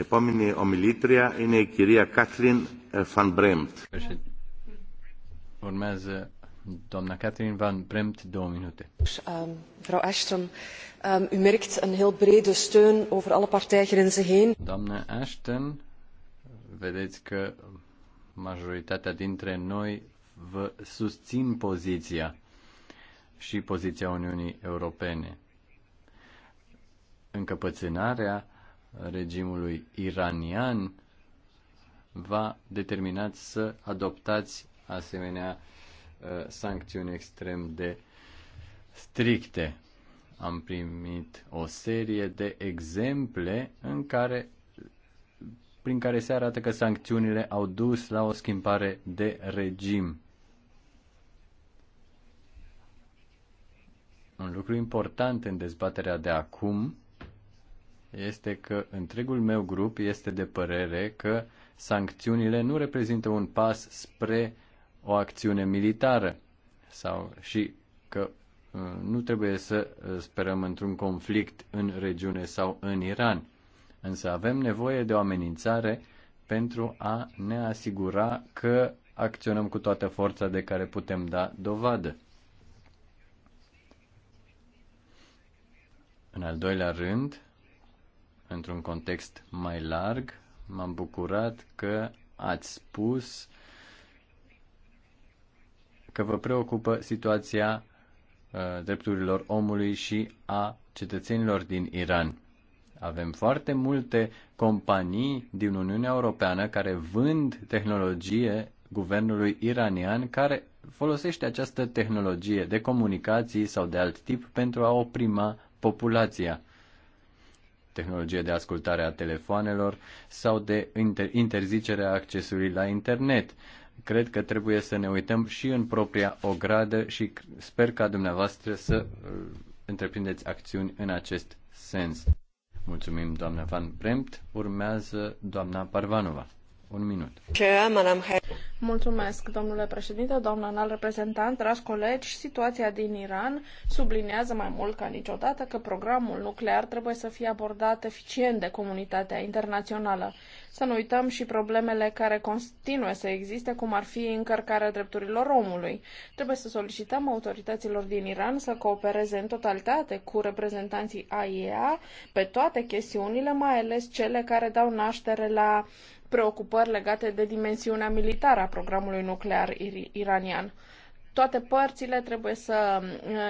Speaker 4: Επόμενη ομιλήτρια είναι η κυρία Κάτλιν Φαν Μπρέμπτ.
Speaker 2: Urmează doamna Catherine Van Bremt, două minute.
Speaker 3: Um, mevrouw Ashton, um, u merkt een
Speaker 1: heel brede steun over alle partijgrenzen heen.
Speaker 2: Doamna Ashton, vedeți că majoritatea dintre noi vă susțin poziția și poziția Uniunii Europene. Încăpățânarea regimului iranian va determinat să adoptați asemenea uh, sancțiuni extrem de stricte. Am primit o serie de exemple în care, prin care se arată că sancțiunile au dus la o schimbare de regim. Un lucru important în dezbaterea de acum este că întregul meu grup este de părere că sancțiunile nu reprezintă un pas spre o acțiune militară sau și că uh, nu trebuie să uh, sperăm într-un conflict în regiune sau în Iran. Însă avem nevoie de o amenințare pentru a ne asigura că acționăm cu toată forța de care putem da dovadă. În al doilea rând, într-un context mai larg. M-am bucurat că ați spus că vă preocupă situația uh, drepturilor omului și a cetățenilor din Iran. Avem foarte multe companii din Uniunea Europeană care vând tehnologie guvernului iranian care folosește această tehnologie de comunicații sau de alt tip pentru a oprima populația tehnologie de ascultare a telefoanelor sau de interzicerea accesului la internet. Cred că trebuie să ne uităm și în propria ogradă și sper ca dumneavoastră să uh, întreprindeți acțiuni în acest sens. Mulțumim, doamna Van Bremt. Urmează doamna Parvanova. Un minut.
Speaker 3: Mulțumesc, domnule președinte, doamnă reprezentant, dragi colegi. Situația din Iran subliniază mai mult ca niciodată că programul nuclear trebuie să fie abordat eficient de comunitatea internațională. Să nu uităm și problemele care continuă să existe, cum ar fi încărcarea drepturilor omului. Trebuie să solicităm autorităților din Iran să coopereze în totalitate cu reprezentanții AIEA pe toate chestiunile, mai ales cele care dau naștere la preocupări legate de dimensiunea militară a programului nuclear iranian. Toate părțile trebuie să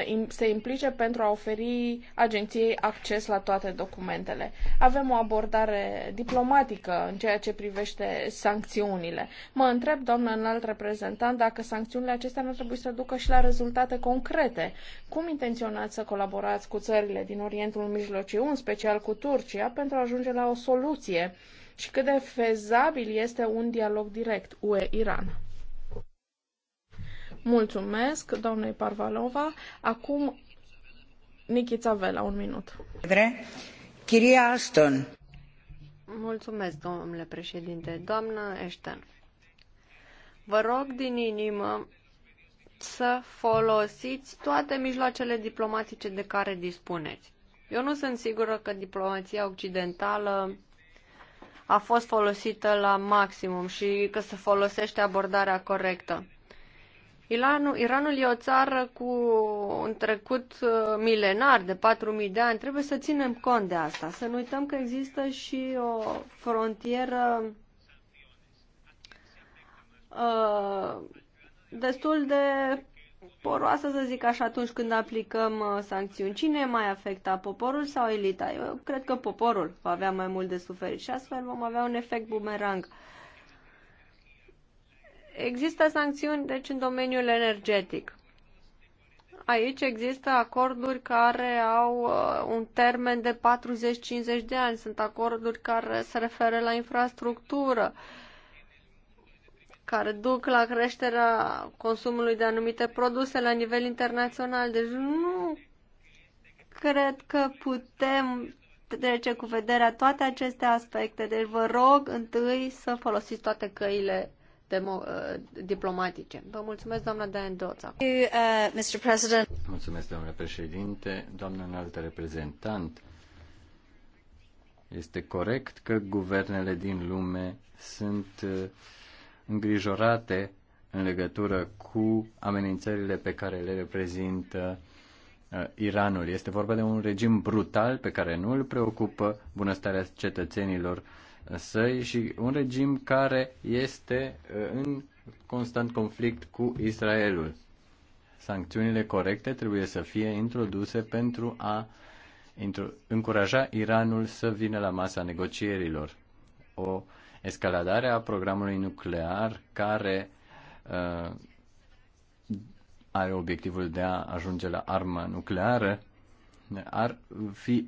Speaker 3: uh, se implice pentru a oferi agenției acces la toate documentele. Avem o abordare diplomatică în ceea ce privește sancțiunile. Mă întreb, doamnă înalt reprezentant, dacă sancțiunile acestea nu trebuie să ducă și la rezultate concrete. Cum intenționați să colaborați cu țările din Orientul Mijlociu, în special cu Turcia, pentru a ajunge la o soluție? și cât de fezabil este un dialog direct UE-Iran. Mulțumesc, doamnei Parvalova. Acum, Nichita Vela, un minut.
Speaker 1: Chiria Aston. Mulțumesc, domnule președinte. Doamnă Ashton, vă rog din inimă să folosiți toate mijloacele diplomatice de care dispuneți. Eu nu sunt sigură că diplomația occidentală a fost folosită la maximum și că se folosește abordarea corectă. Iranul, Iranul e o țară cu un trecut uh, milenar de 4.000 de ani. Trebuie să ținem cont de asta. Să nu uităm că există și o frontieră uh, destul de poroasă, să zic așa, atunci când aplicăm uh, sancțiuni. Cine mai afecta, poporul sau elita? Eu cred că poporul va avea mai mult de suferit și astfel vom avea un efect bumerang. Există sancțiuni, deci, în domeniul energetic. Aici există acorduri care au uh, un termen de 40-50 de ani. Sunt acorduri care se referă la infrastructură. Uh, care duc la creșterea consumului de anumite produse la nivel internațional. Deci nu cred că putem trece cu vederea toate aceste aspecte. Deci vă rog întâi să folosiți toate căile demo, uh, diplomatice. Vă mulțumesc, doamna Diane uh, President.
Speaker 2: Mulțumesc, doamna președinte, doamna înaltă reprezentant. Este corect că guvernele din lume sunt uh, îngrijorate în legătură cu amenințările pe care le reprezintă uh, Iranul. Este vorba de un regim brutal pe care nu îl preocupă bunăstarea cetățenilor uh, săi și un regim care este uh, în constant conflict cu Israelul. Sancțiunile corecte trebuie să fie introduse pentru a încuraja Iranul să vină la masa negocierilor. O escaladarea programului nuclear care uh, are obiectivul de a ajunge la armă nucleară ar fi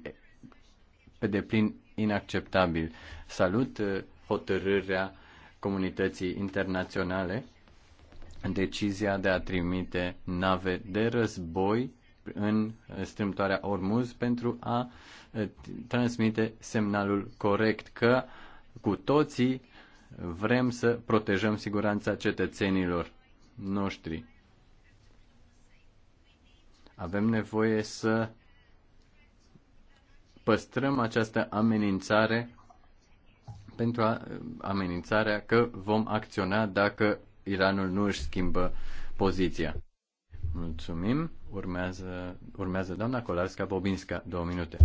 Speaker 2: pe deplin inacceptabil. Salut uh, hotărârea comunității internaționale, decizia de a trimite nave de război în strâmtoarea Ormuz pentru a uh, transmite semnalul corect că uh, cu toții vrem să protejăm siguranța cetățenilor noștri. Avem nevoie să păstrăm această amenințare pentru a, amenințarea că vom acționa dacă Iranul nu își schimbă poziția. Mulțumim. Urmează, urmează doamna Kolarska-Bobinska, două minute.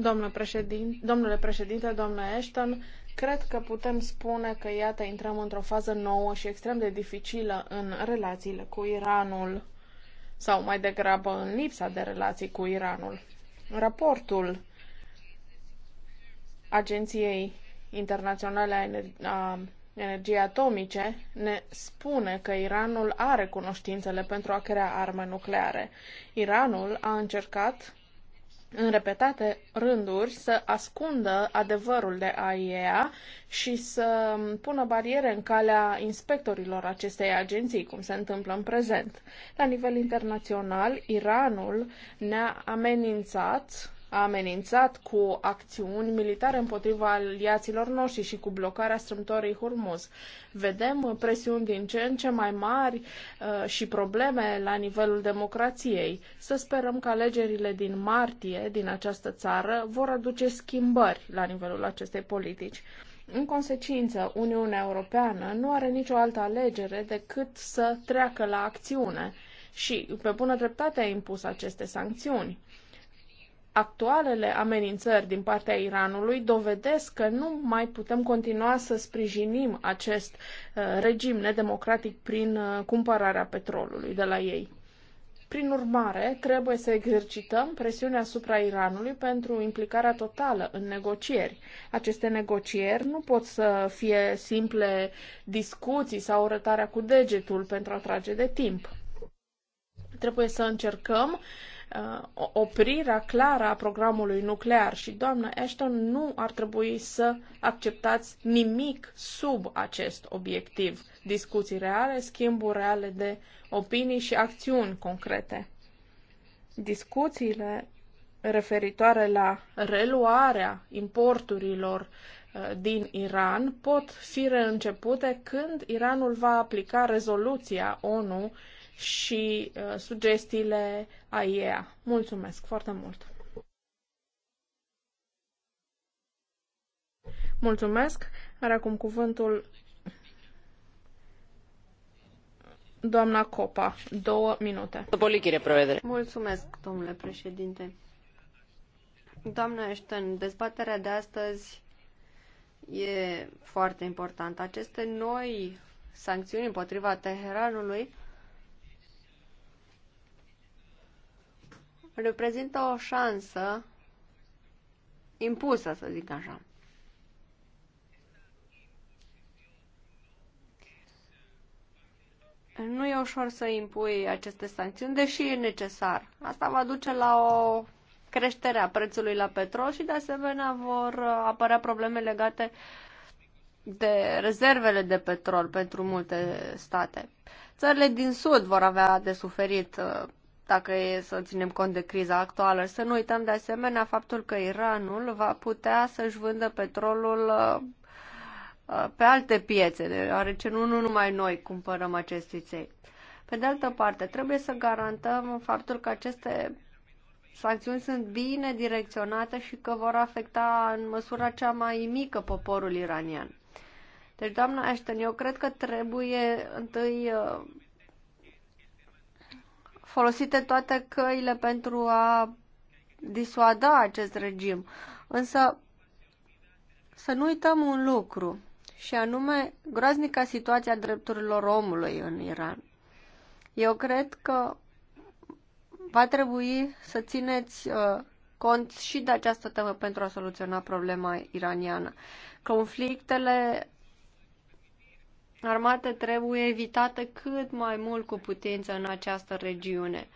Speaker 3: Domnule președinte, domnule președinte, Ashton, cred că putem spune că, iată, intrăm într-o fază nouă și extrem de dificilă în relațiile cu Iranul, sau mai degrabă în lipsa de relații cu Iranul. Raportul Agenției Internaționale a Energiei Atomice ne spune că Iranul are cunoștințele pentru a crea arme nucleare. Iranul a încercat în repetate rânduri să ascundă adevărul de AIEA și să pună bariere în calea inspectorilor acestei agenții, cum se întâmplă în prezent. La nivel internațional, Iranul ne-a amenințat a amenințat cu acțiuni militare împotriva aliaților noștri și cu blocarea strâmtorii Hormuz. Vedem presiuni din ce în ce mai mari uh, și probleme la nivelul democrației. Să sperăm că alegerile din martie din această țară vor aduce schimbări la nivelul acestei politici. În consecință, Uniunea Europeană nu are nicio altă alegere decât să treacă la acțiune și, pe bună dreptate, a impus aceste sancțiuni actualele amenințări din partea Iranului dovedesc că nu mai putem continua să sprijinim acest uh, regim nedemocratic prin uh, cumpărarea petrolului de la ei. Prin urmare, trebuie să exercităm presiunea asupra Iranului pentru implicarea totală în negocieri. Aceste negocieri nu pot să fie simple discuții sau rătarea cu degetul pentru a trage de timp. Trebuie să încercăm uh, uh, oprirea clară a programului nuclear și, doamnă Ashton, nu ar trebui să acceptați nimic sub acest obiectiv. Discuții reale, schimburi reale de opinii și acțiuni concrete. Discuțiile referitoare la reluarea importurilor uh, din Iran pot fi reîncepute când Iranul va aplica rezoluția ONU și uh, sugestiile AIEA. Mulțumesc foarte mult! Mulțumesc! Are acum cuvântul doamna Copa. Două
Speaker 1: minute. Mulțumesc, domnule președinte. Doamna Ashton, dezbaterea de astăzi e foarte importantă. Aceste noi sancțiuni împotriva Teheranului reprezintă o șansă impusă, să zic așa. Nu e ușor să impui aceste sancțiuni, deși e necesar. Asta va duce la o creștere a prețului la petrol și, de asemenea, vor apărea probleme legate de rezervele de petrol pentru multe state. Țările din Sud vor avea de suferit uh, dacă e să ținem cont de criza actuală. Să nu uităm de asemenea faptul că Iranul va putea să-și vândă petrolul uh, uh, pe alte piețe, deoarece nu, nu numai noi cumpărăm acest ței. Pe de altă parte, trebuie să garantăm faptul că aceste sancțiuni sunt bine direcționate și că vor afecta în măsura cea mai mică poporul iranian. Deci, doamna Ashton, eu cred că trebuie întâi uh, folosite toate căile pentru a disuada acest regim. Însă să nu uităm un lucru, și anume groaznica situația drepturilor omului în Iran. Eu cred că va trebui să țineți uh, cont și de această temă pentru a soluționa problema iraniană. Conflictele armată trebuie evitată cât mai mult cu putință în această regiune.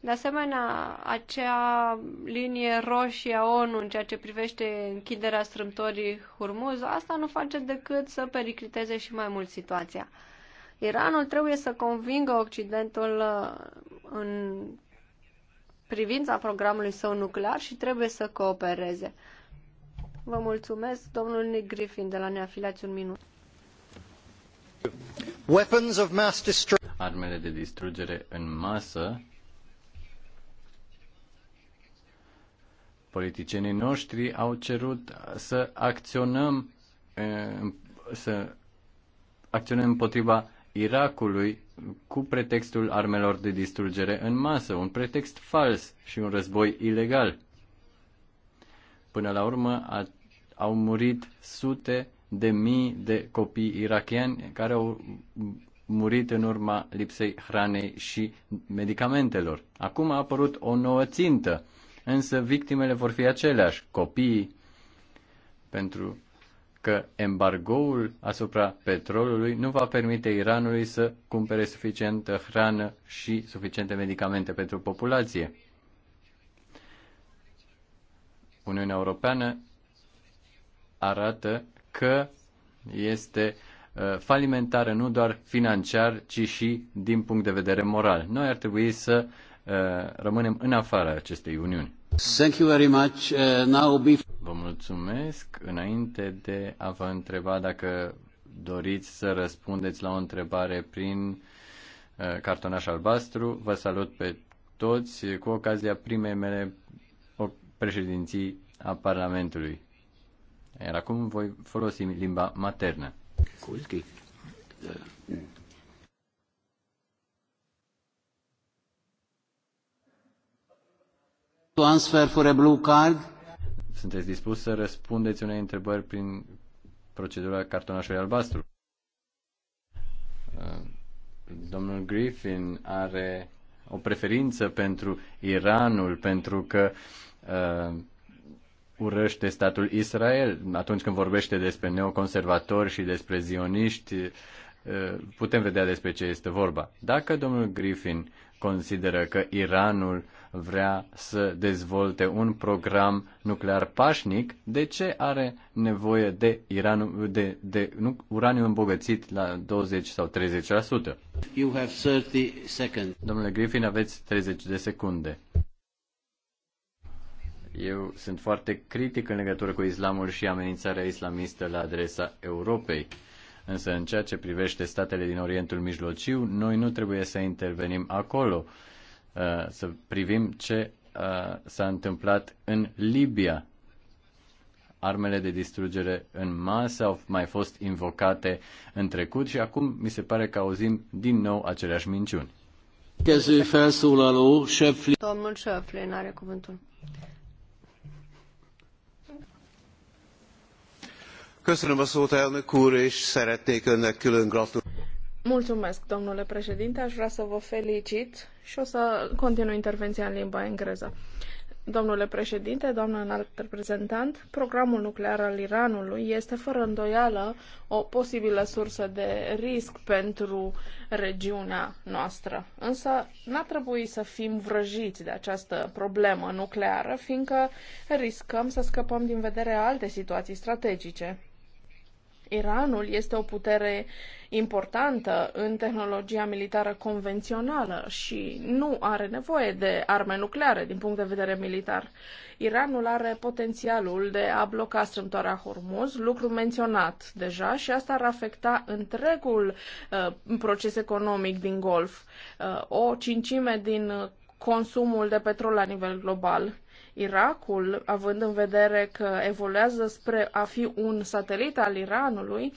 Speaker 1: De asemenea, acea linie roșie a ONU în ceea ce privește închiderea strâmtorii Hurmuz, asta nu face decât să pericliteze și mai mult situația. Iranul trebuie să convingă Occidentul uh, în privința programului său nuclear și trebuie să coopereze. Vă mulțumesc, domnul Nick Griffin de la Neafilați, un minut.
Speaker 2: Armele de distrugere în masă. Politicienii noștri au cerut să acționăm să acționăm împotriva Irakului cu pretextul armelor de distrugere în masă, un pretext fals și un război ilegal. Până la urmă a, au murit sute de mii de copii irakieni care au murit în urma lipsei hranei și medicamentelor. Acum a apărut o nouă țintă, însă victimele vor fi aceleași, copiii, pentru că embargoul asupra petrolului nu va permite Iranului să cumpere suficientă hrană și suficiente medicamente pentru populație. Uniunea Europeană arată că este uh, falimentară nu doar financiar, ci și din punct de vedere moral. Noi ar trebui să uh, rămânem în afara acestei uniuni. Thank you very much. Uh, now be... Vă mulțumesc. Înainte de a vă întreba dacă doriți să răspundeți la o întrebare prin uh, cartonaș albastru, vă salut pe toți cu ocazia primei mele președinții a Parlamentului. Iar acum voi folosi limba maternă. Culti. Transfer for a blue card? Sunteți dispus să răspundeți unei întrebări prin procedura cartonașului albastru? Uh, domnul Griffin are o preferință pentru Iranul, pentru că uh, urăște statul Israel. Atunci când vorbește despre neoconservatori și despre zioniști, eh, putem vedea despre ce este vorba. Dacă domnul Griffin consideră că Iranul vrea să dezvolte un program nuclear pașnic, de ce are nevoie de, Iran, de, de nu, uraniu îmbogățit la 20 sau 30%? You have 30 seconds. Domnule Griffin, aveți 30 de secunde. Eu sunt foarte critic în legătură cu islamul și amenințarea islamistă la adresa Europei. Însă în ceea ce privește statele din Orientul Mijlociu, noi nu trebuie să intervenim acolo, uh, să privim ce uh, s-a întâmplat în Libia. Armele de distrugere în masă au mai fost invocate în trecut și acum mi se pare că auzim din nou aceleași minciuni.
Speaker 1: Domnul Șeflin are cuvântul.
Speaker 4: Köszönöm a szót, elnök úr, és szeretnék önnek külön gratulálni.
Speaker 3: Mulțumesc, domnule președinte, aș vrea să vă felicit și o să continui intervenția în limba engleză. Domnule președinte, doamnă înalt reprezentant, programul nuclear al Iranului este fără îndoială o posibilă sursă de risc pentru regiunea noastră. Însă n-ar trebui să fim vrăjiți de această problemă nucleară, fiindcă riscăm să scăpăm din vedere alte situații strategice. Iranul este o putere importantă în tehnologia militară convențională și nu are nevoie de arme nucleare din punct de vedere militar. Iranul are potențialul de a bloca strâmtoarea Hormuz, lucru menționat deja, și asta ar afecta întregul uh, proces economic din Golf. Uh, o cincime din consumul de petrol la nivel global Irakul, având în vedere că evoluează spre a fi un satelit al Iranului,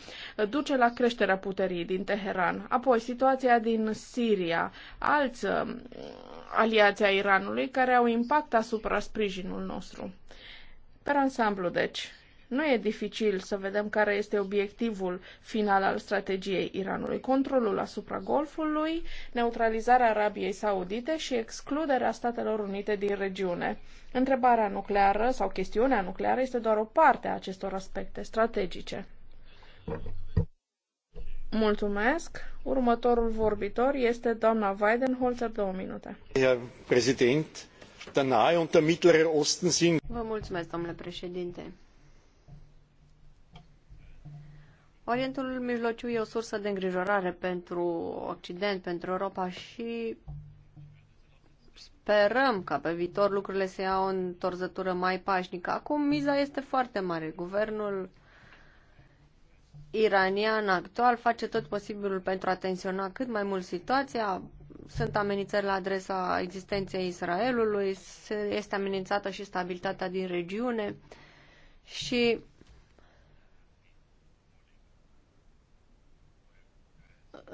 Speaker 3: duce la creșterea puterii din Teheran. Apoi, situația din Siria, alți um, aliați ai Iranului care au impact asupra sprijinul nostru. Per ansamblu, deci, nu e dificil să vedem care este obiectivul final al strategiei Iranului. Controlul asupra Golfului, neutralizarea Arabiei Saudite și excluderea Statelor Unite din regiune. Întrebarea nucleară sau chestiunea nucleară este doar o parte a acestor aspecte strategice. Mulțumesc. Următorul vorbitor este doamna Weidenholzer,
Speaker 1: două minute.
Speaker 5: Președinte, nahe und der mittlere Osten sind...
Speaker 1: Vă mulțumesc, domnule președinte. Orientul Mijlociu e o sursă de îngrijorare pentru Occident, pentru Europa și sperăm ca pe viitor lucrurile se iau în torzătură mai pașnică. Acum miza este foarte mare. Guvernul iranian actual face tot posibilul pentru a tensiona cât mai mult situația. Sunt amenințări la adresa existenței Israelului, este amenințată și stabilitatea din regiune și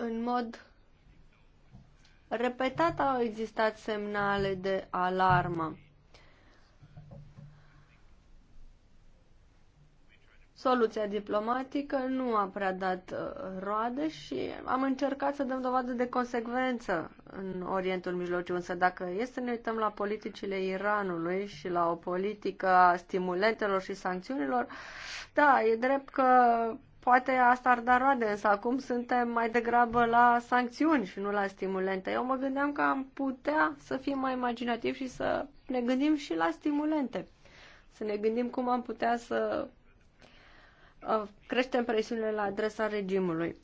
Speaker 1: în mod repetat au existat semnale de alarmă. Soluția diplomatică nu a prea dat uh, roade și am încercat să dăm dovadă de consecvență în Orientul Mijlociu, însă dacă este să ne uităm la politicile Iranului și la o politică a stimulentelor și sancțiunilor, da, e drept că Poate asta ar da roade, însă acum suntem mai degrabă la sancțiuni și nu la stimulente. Eu mă gândeam că am putea să fim mai imaginativi și să ne gândim și la stimulente. Să ne gândim cum am putea să uh, creștem presiunile la adresa regimului.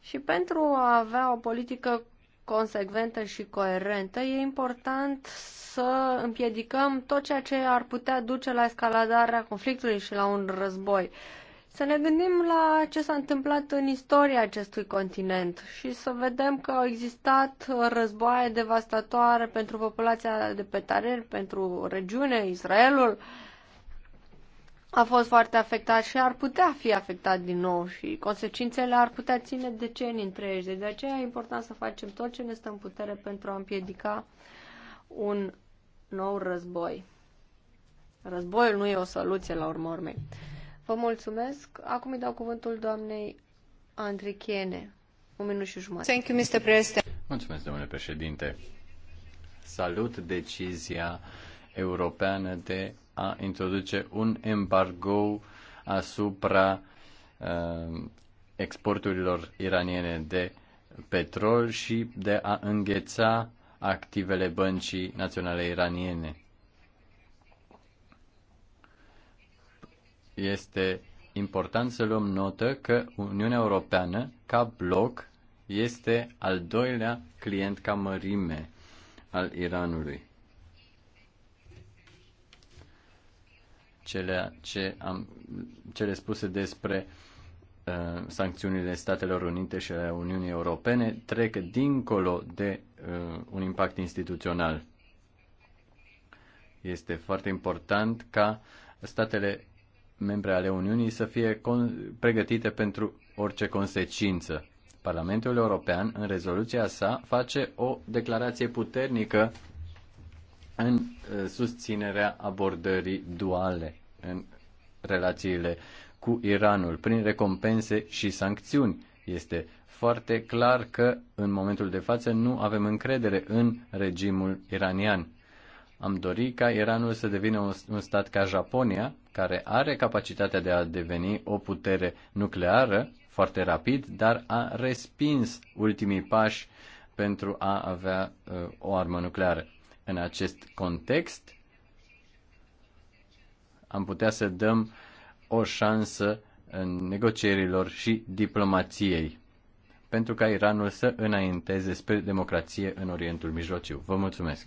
Speaker 1: Și pentru a avea o politică consecventă și coerentă, e important să împiedicăm tot ceea ce ar putea duce la escaladarea conflictului și la un război. Uh, să ne gândim la ce s-a întâmplat în istoria acestui continent și să vedem că au existat războaie devastatoare pentru populația de pe teren, pentru regiune, Israelul a fost foarte afectat și ar putea fi afectat din nou și consecințele ar putea ține decenii întregi. De aceea e important să facem tot ce ne stă în putere pentru a împiedica un nou război. Războiul nu e o soluție la urmă urmei. Vă mulțumesc. Acum îi dau cuvântul doamnei Andrichiene. Un minut și jumătate. Thank you, Mr. President.
Speaker 2: Mulțumesc, domnule președinte. Salut decizia europeană de a introduce un embargo asupra uh, exporturilor iraniene de petrol și de a îngheța activele băncii naționale iraniene. Este important să luăm notă că Uniunea Europeană, ca bloc, este al doilea client ca mărime al Iranului. Cele, ce am, cele spuse despre uh, sancțiunile Statelor Unite și ale Uniunii Europene trec dincolo de uh, un impact instituțional. Este foarte important ca statele membre ale Uniunii să fie pregătite pentru orice consecință. Parlamentul European, în rezoluția sa, face o declarație puternică în uh, susținerea abordării duale în relațiile cu Iranul, prin recompense și sancțiuni. Este foarte clar că, în momentul de față, nu avem încredere în regimul iranian am dorit ca Iranul să devină un, un stat ca Japonia, care are capacitatea de a deveni o putere nucleară foarte rapid, dar a respins ultimii pași pentru a avea uh, o armă nucleară. În acest context, am putea să dăm o șansă în negocierilor și diplomației pentru ca Iranul să înainteze spre democrație în Orientul Mijlociu. Vă mulțumesc!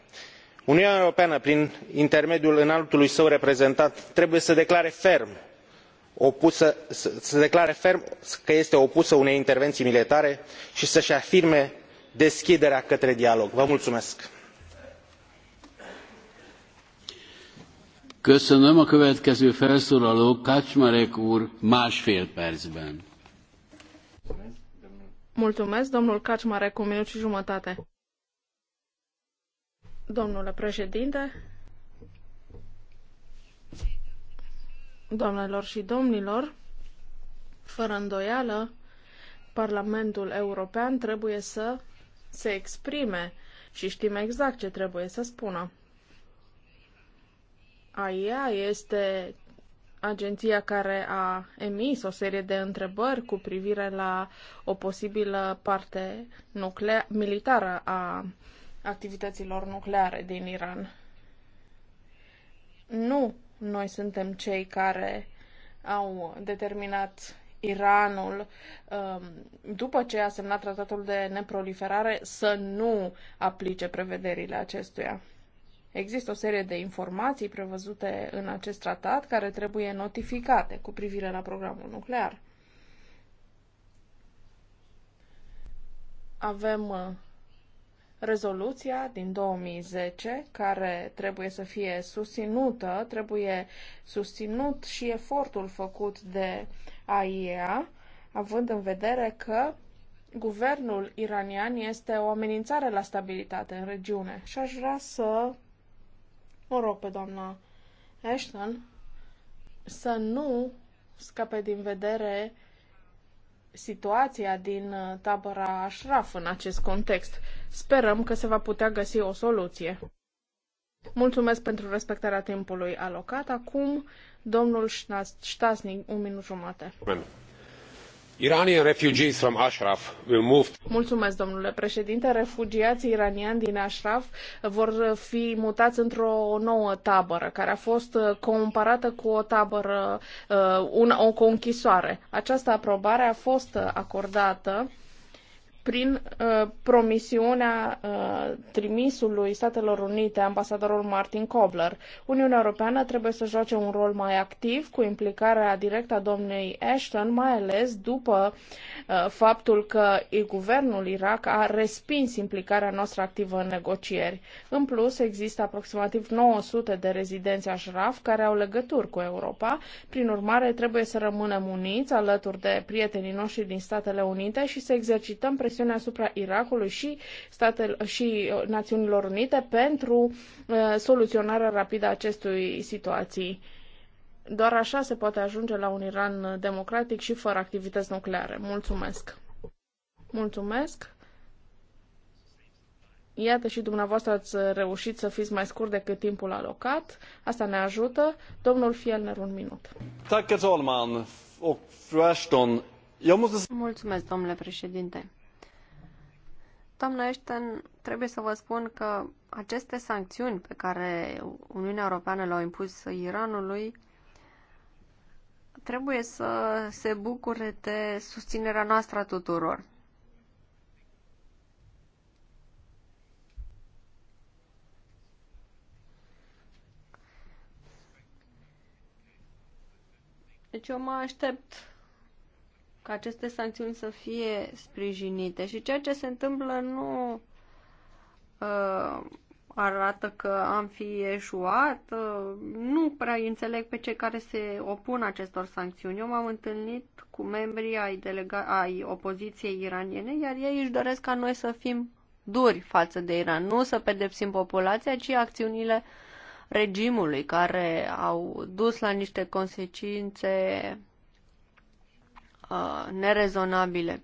Speaker 5: uniunea europeană prin intermediul înaltului său reprezentant trebuie să declare ferm că este opusă unei intervenii militare i să i afirme deschiderea către dialog. Vă mulțumesc.
Speaker 2: și
Speaker 3: Domnule președinte, doamnelor și domnilor, fără îndoială, Parlamentul European trebuie să se exprime și știm exact ce trebuie să spună. AIA este agenția care a emis o serie de întrebări cu privire la o posibilă parte nuclea- militară a activităților nucleare din Iran. Nu noi suntem cei care au determinat Iranul, um, după ce a semnat tratatul de neproliferare, să nu aplice prevederile acestuia. Există o serie de informații prevăzute în acest tratat care trebuie notificate cu privire la programul nuclear. Avem uh, Rezoluția din 2010, care trebuie să fie susținută, trebuie susținut și efortul făcut de AIEA, având în vedere că guvernul iranian este o amenințare la stabilitate în regiune. Și aș vrea să o rog pe doamna Ashton să nu scape din vedere situația din tabăra Ashraf în acest context. Sperăm că se va putea găsi o soluție. Mulțumesc pentru respectarea timpului alocat. Acum, domnul Ștasnic, un minut jumate.
Speaker 5: Iranian refugees from Ashraf will move.
Speaker 3: Mulțumesc, domnule președinte. Refugiații iraniani din Ashraf vor fi mutați într-o nouă tabără, care a fost uh, comparată cu o tabără, uh, un, o conchisoare. Această aprobare a fost uh, acordată prin uh, promisiunea uh, trimisului Statelor Unite, ambasadorul Martin Kobler. Uniunea Europeană trebuie să joace un rol mai activ cu implicarea directă a domnei Ashton, mai ales după uh, faptul că guvernul Irak a respins implicarea noastră activă în negocieri. În plus, există aproximativ 900 de rezidenți așraf care au legături cu Europa. Prin urmare, trebuie să rămânem uniți alături de prietenii noștri din Statele Unite și să exercităm pre presiune asupra Irakului și, statele, și uh, Națiunilor Unite pentru uh, soluționarea rapidă a acestui situații. Doar așa se poate ajunge la un Iran uh, democratic și fără activități nucleare. Mulțumesc! Mulțumesc! Iată și dumneavoastră ați uh, reușit să fiți mai scurt decât timpul alocat. Asta ne ajută. Domnul Fielner, un minut.
Speaker 2: Mulțumesc,
Speaker 1: domnule președinte. Doamna Ashton, trebuie să vă spun că aceste sancțiuni pe care Uniunea Europeană le-au impus Iranului trebuie să se bucure de susținerea noastră a tuturor. Deci eu mă aștept ca aceste sancțiuni să fie sprijinite. Și ceea ce se întâmplă nu uh, arată că am fi eșuat. Uh, nu prea înțeleg pe cei care se opun acestor sancțiuni. Eu m-am întâlnit cu membrii ai, delega- ai opoziției iraniene, iar ei își doresc ca noi să fim duri față de Iran, nu să pedepsim populația, ci acțiunile regimului care au dus la niște consecințe uh, nerezonabile.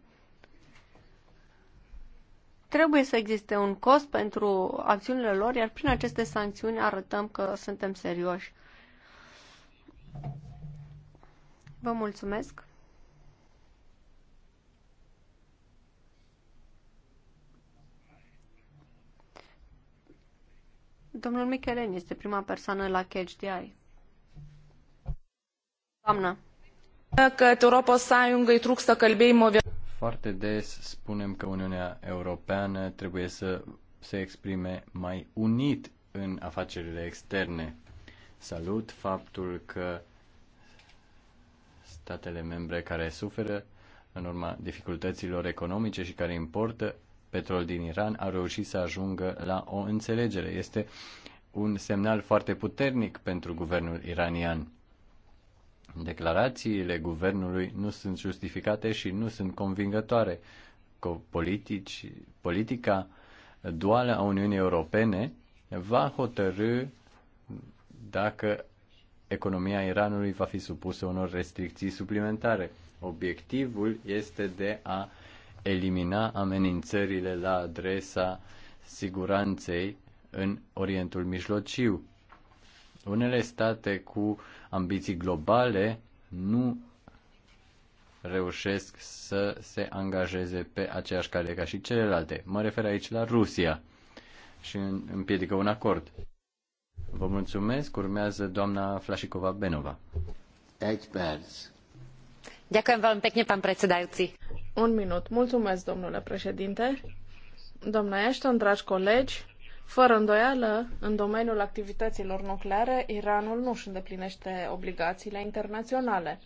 Speaker 1: Trebuie să existe un cost pentru acțiunile lor, iar prin aceste sancțiuni arătăm că suntem serioși. Vă mulțumesc! Domnul Michelin este prima persoană la Catch the Eye. Kad Europos
Speaker 3: Sąjungai trūksta kalbėjimo
Speaker 2: Foarte des spunem că Uniunea Europeană trebuie să se exprime mai unit în afacerile externe. Salut faptul că statele membre care suferă în urma dificultăților economice și care importă petrol din Iran au reușit să ajungă la o înțelegere. Este un semnal foarte puternic pentru guvernul iranian. Declarațiile guvernului nu sunt justificate și nu sunt convingătoare. Politici, politica duală a Uniunii Europene va hotărâ dacă economia Iranului va fi supusă unor restricții suplimentare. Obiectivul este de a elimina amenințările la adresa siguranței în Orientul Mijlociu. Unele state cu ambiții globale nu reușesc să se angajeze pe aceeași cale ca și celelalte. Mă refer aici la Rusia și împiedică un acord. Vă mulțumesc. Urmează doamna Flașicova Benova.
Speaker 3: Ďakujem veľmi pekne, pán predsedajúci. Un minut. Mulțumesc, domnule președinte. Domnule Ashton, dragi colegi, fără îndoială, în domeniul activităților nucleare, Iranul nu își îndeplinește obligațiile internaționale.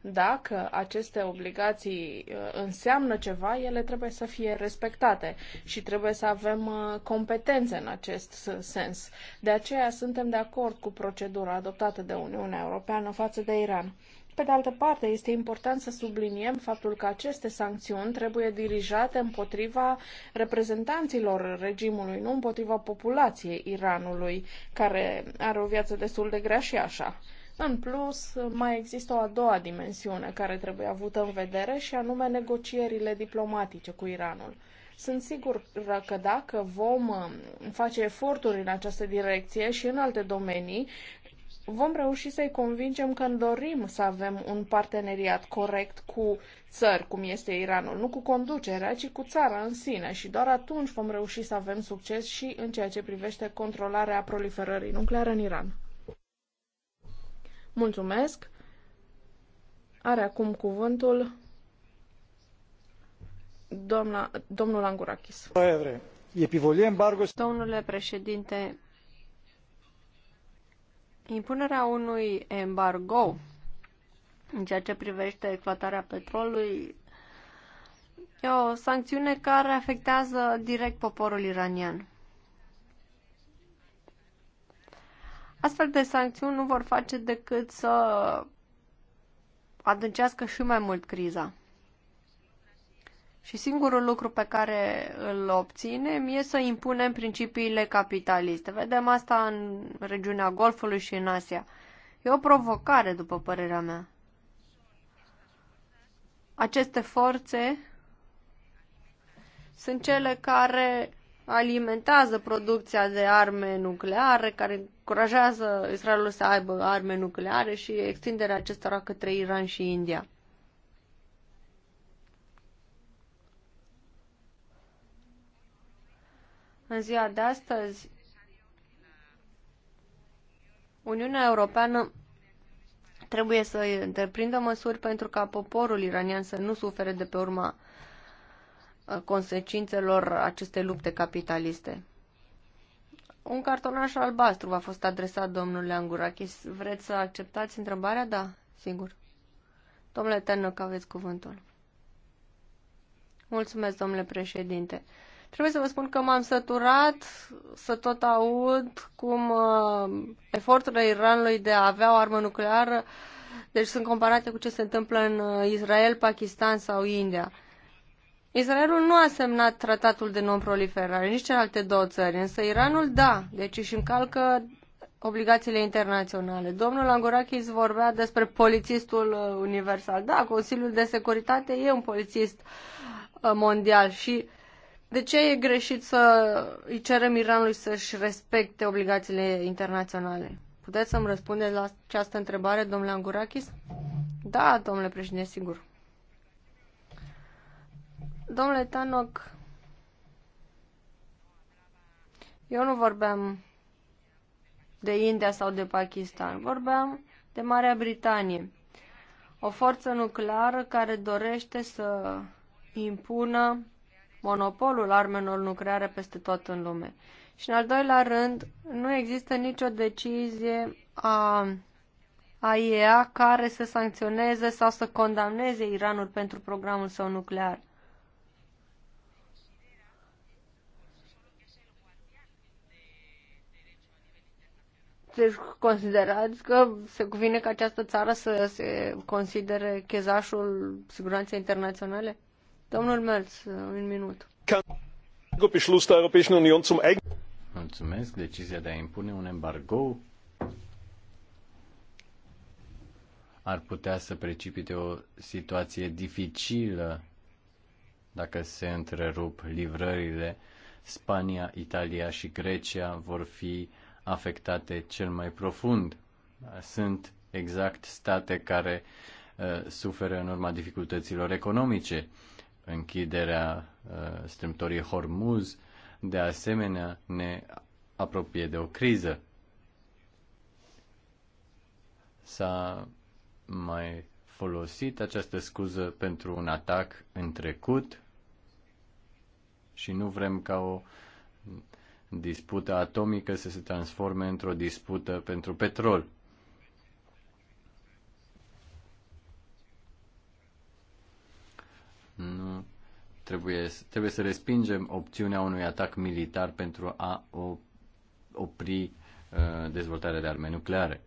Speaker 3: Dacă aceste obligații uh, înseamnă ceva, ele trebuie să fie respectate și trebuie să avem uh, competențe în acest sens. De aceea suntem de acord cu procedura adoptată de Uniunea Europeană față de Iran. Pe de altă parte, este important să subliniem faptul că aceste sancțiuni trebuie dirijate împotriva reprezentanților regimului, nu împotriva populației Iranului, care are o viață destul de grea și așa. În plus, mai există o a doua dimensiune care trebuie avută în vedere și anume negocierile diplomatice cu Iranul. Sunt sigur că dacă vom face eforturi în această direcție și în alte domenii, vom reuși să-i convingem că dorim să avem un parteneriat corect cu țări, cum este Iranul, nu cu conducerea, ci cu țara în sine și doar atunci vom reuși să avem succes și în ceea ce privește controlarea proliferării nucleare în Iran. Mulțumesc! Are acum cuvântul doamna, domnul Angurakis.
Speaker 1: Domnule președinte, Impunerea unui embargo în ceea ce privește exploatarea petrolului e o sancțiune care afectează direct poporul iranian. Astfel de sancțiuni nu vor face decât să adâncească și mai mult criza. Și singurul lucru pe care îl obținem e să impunem principiile capitaliste. Vedem asta în regiunea Golfului și în Asia. E o provocare, după părerea mea. Aceste forțe sunt cele care alimentează producția de arme nucleare, care încurajează Israelul să aibă arme nucleare și extinderea acestora către Iran și India. În ziua de astăzi, Uniunea Europeană trebuie să întreprindă măsuri pentru ca poporul iranian să nu sufere de pe urma uh, consecințelor acestei lupte capitaliste. Un cartonaș albastru v-a fost adresat domnule Angurakis. Vreți să acceptați întrebarea? Da, sigur. Domnule Ternă, că aveți cuvântul. Mulțumesc, domnule președinte. Trebuie să vă spun că m-am săturat să tot aud cum uh, eforturile Iranului de a avea o armă nucleară deci sunt comparate cu ce se întâmplă în uh, Israel, Pakistan sau India. Israelul nu a semnat tratatul de non-proliferare, nici alte două țări, însă Iranul da, deci își încalcă obligațiile internaționale. Domnul Angurakis vorbea despre polițistul uh, universal. Da, Consiliul de Securitate e un polițist uh, mondial și uh, de ce e greșit să îi cerem Iranului să-și respecte obligațiile internaționale? Puteți să-mi răspundeți la această întrebare, domnule Angurakis? Da, domnule președinte, sigur. Domnule Tanoc, eu nu vorbeam de India sau de Pakistan, vorbeam de Marea Britanie, o forță nucleară care dorește să impună monopolul armelor nucleare peste tot în lume. Și în al doilea rând, nu există nicio decizie a AIEA care să sancționeze sau să condamneze Iranul pentru programul său nuclear. Deci considerați că se cuvine ca această țară să se considere chezașul siguranței internaționale? Domnul Merz, un minut.
Speaker 2: Mulțumesc. Decizia de a impune un embargo ar putea să precipite o situație dificilă dacă se întrerup livrările. Spania, Italia și Grecia vor fi afectate cel mai profund. Sunt exact state care uh, suferă în urma dificultăților economice. Uh, închiderea uh, strâmtorii Hormuz, de asemenea ne apropie de o criză. S-a mai folosit această scuză pentru un atac în trecut și nu vrem ca o dispută atomică să se transforme într-o dispută pentru petrol. Nu trebuie, trebuie să respingem opțiunea unui atac militar pentru a opri uh, dezvoltarea de arme nucleare.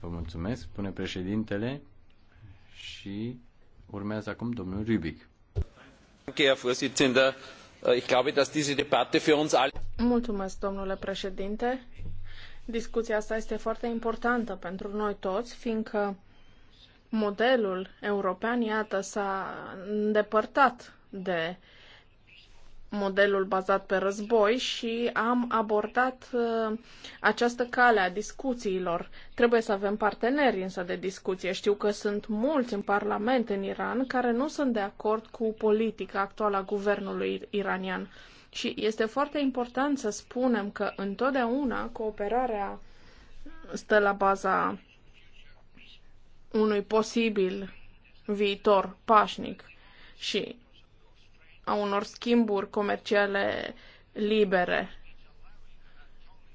Speaker 2: Vă mulțumesc, spune președintele și urmează acum domnul Rubic. Äh,
Speaker 3: mulțumesc, domnule președinte. Discuția asta este foarte importantă pentru noi toți, fiindcă modelul european, iată, s-a îndepărtat de modelul bazat pe război și am abordat uh, această cale a discuțiilor. Trebuie să avem parteneri însă de discuție. Știu că sunt mulți în Parlament în Iran care nu sunt de acord cu politica actuală a guvernului iranian. Și este foarte important să spunem că întotdeauna cooperarea stă la baza unui posibil viitor pașnic și a unor schimburi comerciale libere.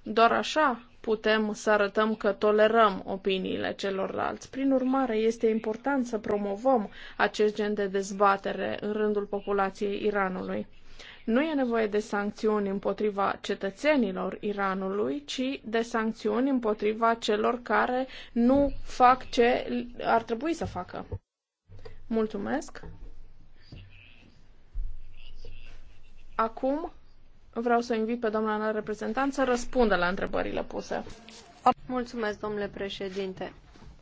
Speaker 3: Doar așa putem să arătăm că tolerăm opiniile celorlalți. Prin urmare, este important să promovăm acest gen de dezbatere în rândul populației Iranului. Nu e nevoie de sancțiuni împotriva cetățenilor Iranului, ci de sancțiuni împotriva celor care nu fac ce ar trebui să facă. Mulțumesc. Acum vreau să invit pe doamna reprezentant să răspundă la întrebările
Speaker 1: puse. Mulțumesc, domnule președinte.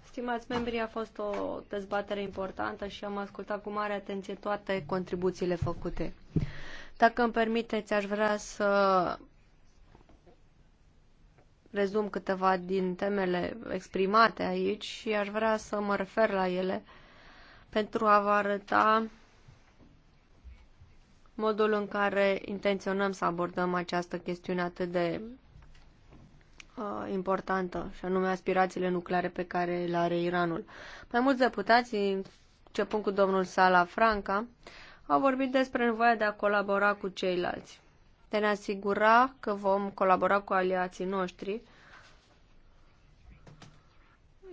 Speaker 1: Stimați membri, a fost o dezbatere importantă și am ascultat cu mare atenție toate contribuțiile făcute. Dacă îmi permiteți, aș vrea să rezum câteva din temele exprimate aici și aș vrea să mă refer la ele pentru a vă arăta modul în care intenționăm să abordăm această chestiune atât de uh, importantă, și anume aspirațiile nucleare pe care le are Iranul. Mai mulți deputați, începând cu domnul Sala Franca, uh, au vorbit despre nevoia de a colabora cu ceilalți, de a ne asigura că vom colabora cu aliații noștri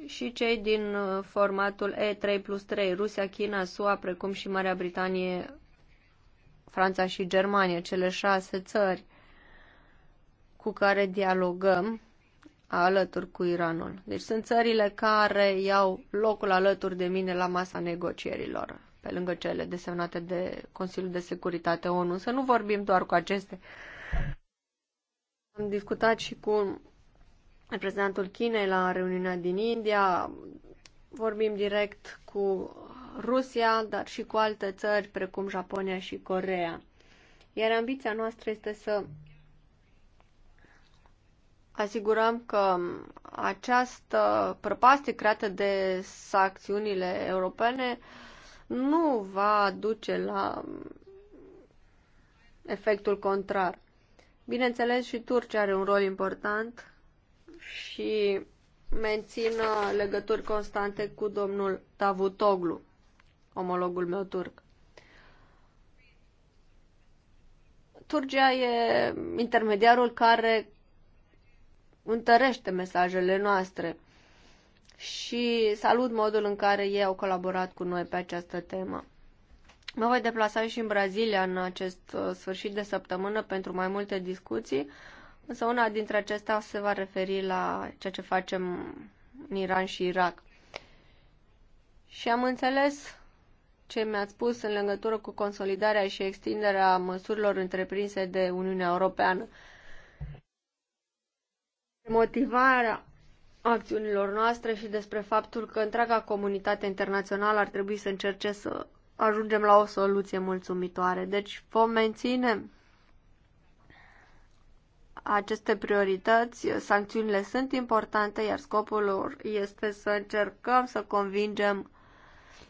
Speaker 1: și cei din uh, formatul E3 plus 3, Rusia, China, SUA, precum și Marea Britanie, Franța și Germania, cele șase țări cu care dialogăm alături cu Iranul. Deci sunt țările care iau locul alături de mine la masa negocierilor pe lângă cele desemnate de Consiliul de Securitate ONU, să nu vorbim doar cu aceste. Am discutat și cu reprezentantul Chinei la reuniunea din India, vorbim direct cu Rusia, dar și cu alte țări precum Japonia și Corea. Iar ambiția noastră este să asigurăm că această prăpastie creată de sancțiunile europene uh, nu va duce la efectul contrar. Bineînțeles, și Turcia are un rol important și mențină legături constante cu domnul Davutoglu, omologul meu turc. Turcia e intermediarul care întărește mesajele noastre și salut modul în care ei au colaborat cu noi pe această temă. Mă voi deplasa și în Brazilia în acest uh, sfârșit de săptămână pentru mai multe discuții, însă una dintre acestea se va referi la ceea ce facem în Iran și Irak. Și am înțeles ce mi-ați spus în legătură cu consolidarea și extinderea măsurilor întreprinse de Uniunea Europeană. Motivarea acțiunilor noastre și despre faptul că întreaga comunitate internațională ar trebui să încerce să ajungem la o soluție mulțumitoare. Deci vom menține aceste priorități, sancțiunile sunt importante, iar scopul lor este să încercăm să convingem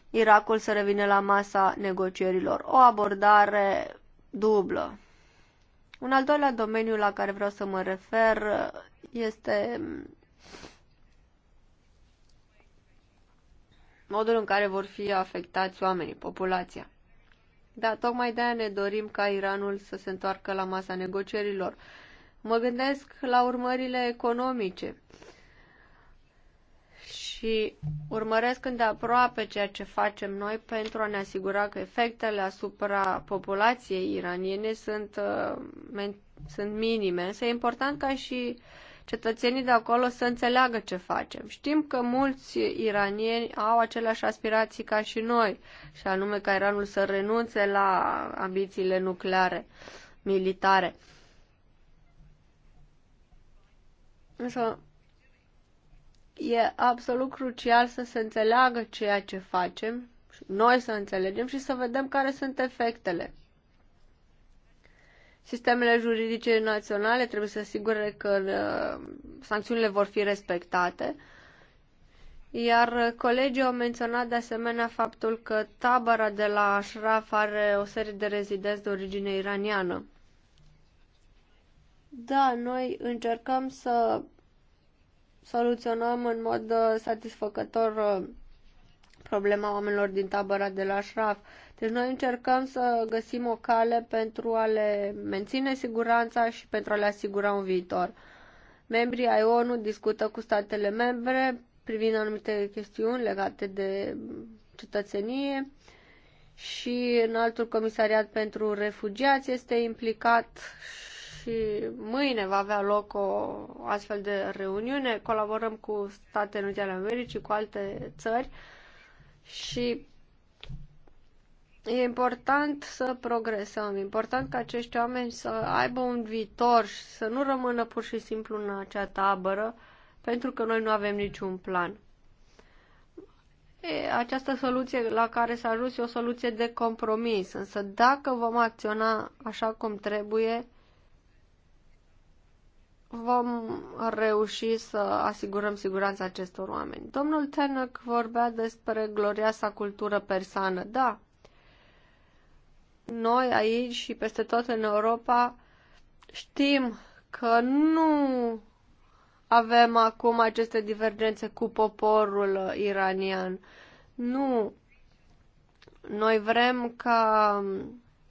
Speaker 1: Irakul să revină la masa negocierilor. O abordare dublă. Un al doilea domeniu la care vreau să mă refer este modul în care vor fi afectați oamenii, populația. Da, tocmai de-aia ne dorim ca Iranul să se întoarcă la masa negocierilor. Mă gândesc la urmările economice și urmăresc îndeaproape ceea ce facem noi pentru a ne asigura că efectele asupra populației iraniene sunt, uh, sunt minime. Însă e important ca și uh, cetățenii de acolo să înțeleagă ce facem. Știm că mulți iranieni au aceleași aspirații ca și noi, și anume ca Iranul să renunțe la ambițiile nucleare, militare. Însă e absolut crucial să se înțeleagă ceea ce facem, noi să înțelegem și să vedem care sunt efectele. Sistemele juridice naționale trebuie să asigure că uh, sancțiunile vor fi respectate. Iar colegii au menționat de asemenea faptul că tabăra de la Ashraf are o serie de rezidenți de origine iraniană. Da, noi încercăm să soluționăm în mod uh, satisfăcător uh, problema oamenilor din tabăra de la Shraf. Deci noi încercăm să găsim o cale pentru a le menține siguranța și pentru a le asigura un viitor. Membrii ai ONU discută cu statele membre privind anumite chestiuni legate de cetățenie și în altul comisariat pentru refugiați este implicat și mâine va avea loc o astfel de reuniune. Colaborăm cu Statele Unite ale Americii, cu alte țări și e important să progresăm, e important ca acești oameni să aibă un viitor și să nu rămână pur și simplu în acea tabără, pentru că noi nu avem niciun plan. E, această soluție la care s-a ajuns e o soluție de compromis, însă dacă vom acționa așa cum trebuie, vom reuși să asigurăm siguranța acestor oameni. Domnul Tenăc vorbea despre glorioasa cultură persană. Da, noi aici și peste tot în Europa știm că nu avem acum aceste divergențe cu poporul iranian. Nu. Noi vrem ca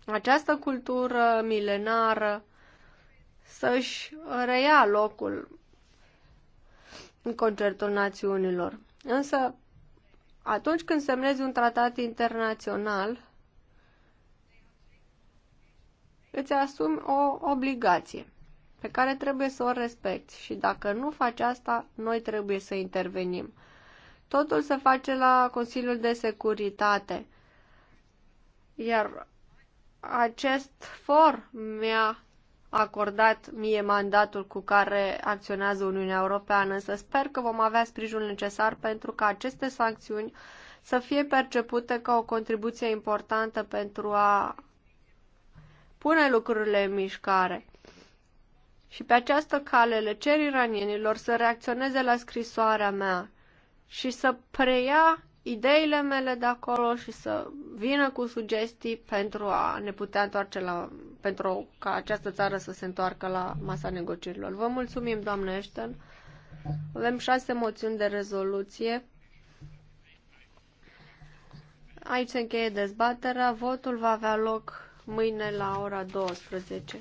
Speaker 1: această cultură milenară să-și reia locul în concertul națiunilor. Însă, atunci când semnezi un tratat internațional, îți asumi o obligație pe care trebuie să o respecti și dacă nu faci asta, noi trebuie să intervenim. Totul se face la Consiliul de Securitate, iar acest for mi-a acordat mie mandatul cu care acționează Uniunea Europeană, însă sper că vom avea sprijinul necesar pentru ca aceste sancțiuni să fie percepute ca o contribuție importantă pentru a pune lucrurile în mișcare. Și pe această cale le cer iranienilor să reacționeze la scrisoarea mea și să preia ideile mele de acolo și să vină cu sugestii pentru a ne putea întoarce la, pentru ca această țară să se întoarcă la masa negocierilor. Vă mulțumim, doamnă Ashton. Avem șase moțiuni de rezoluție. Aici se încheie dezbaterea. Votul va avea loc mâine la ora 12.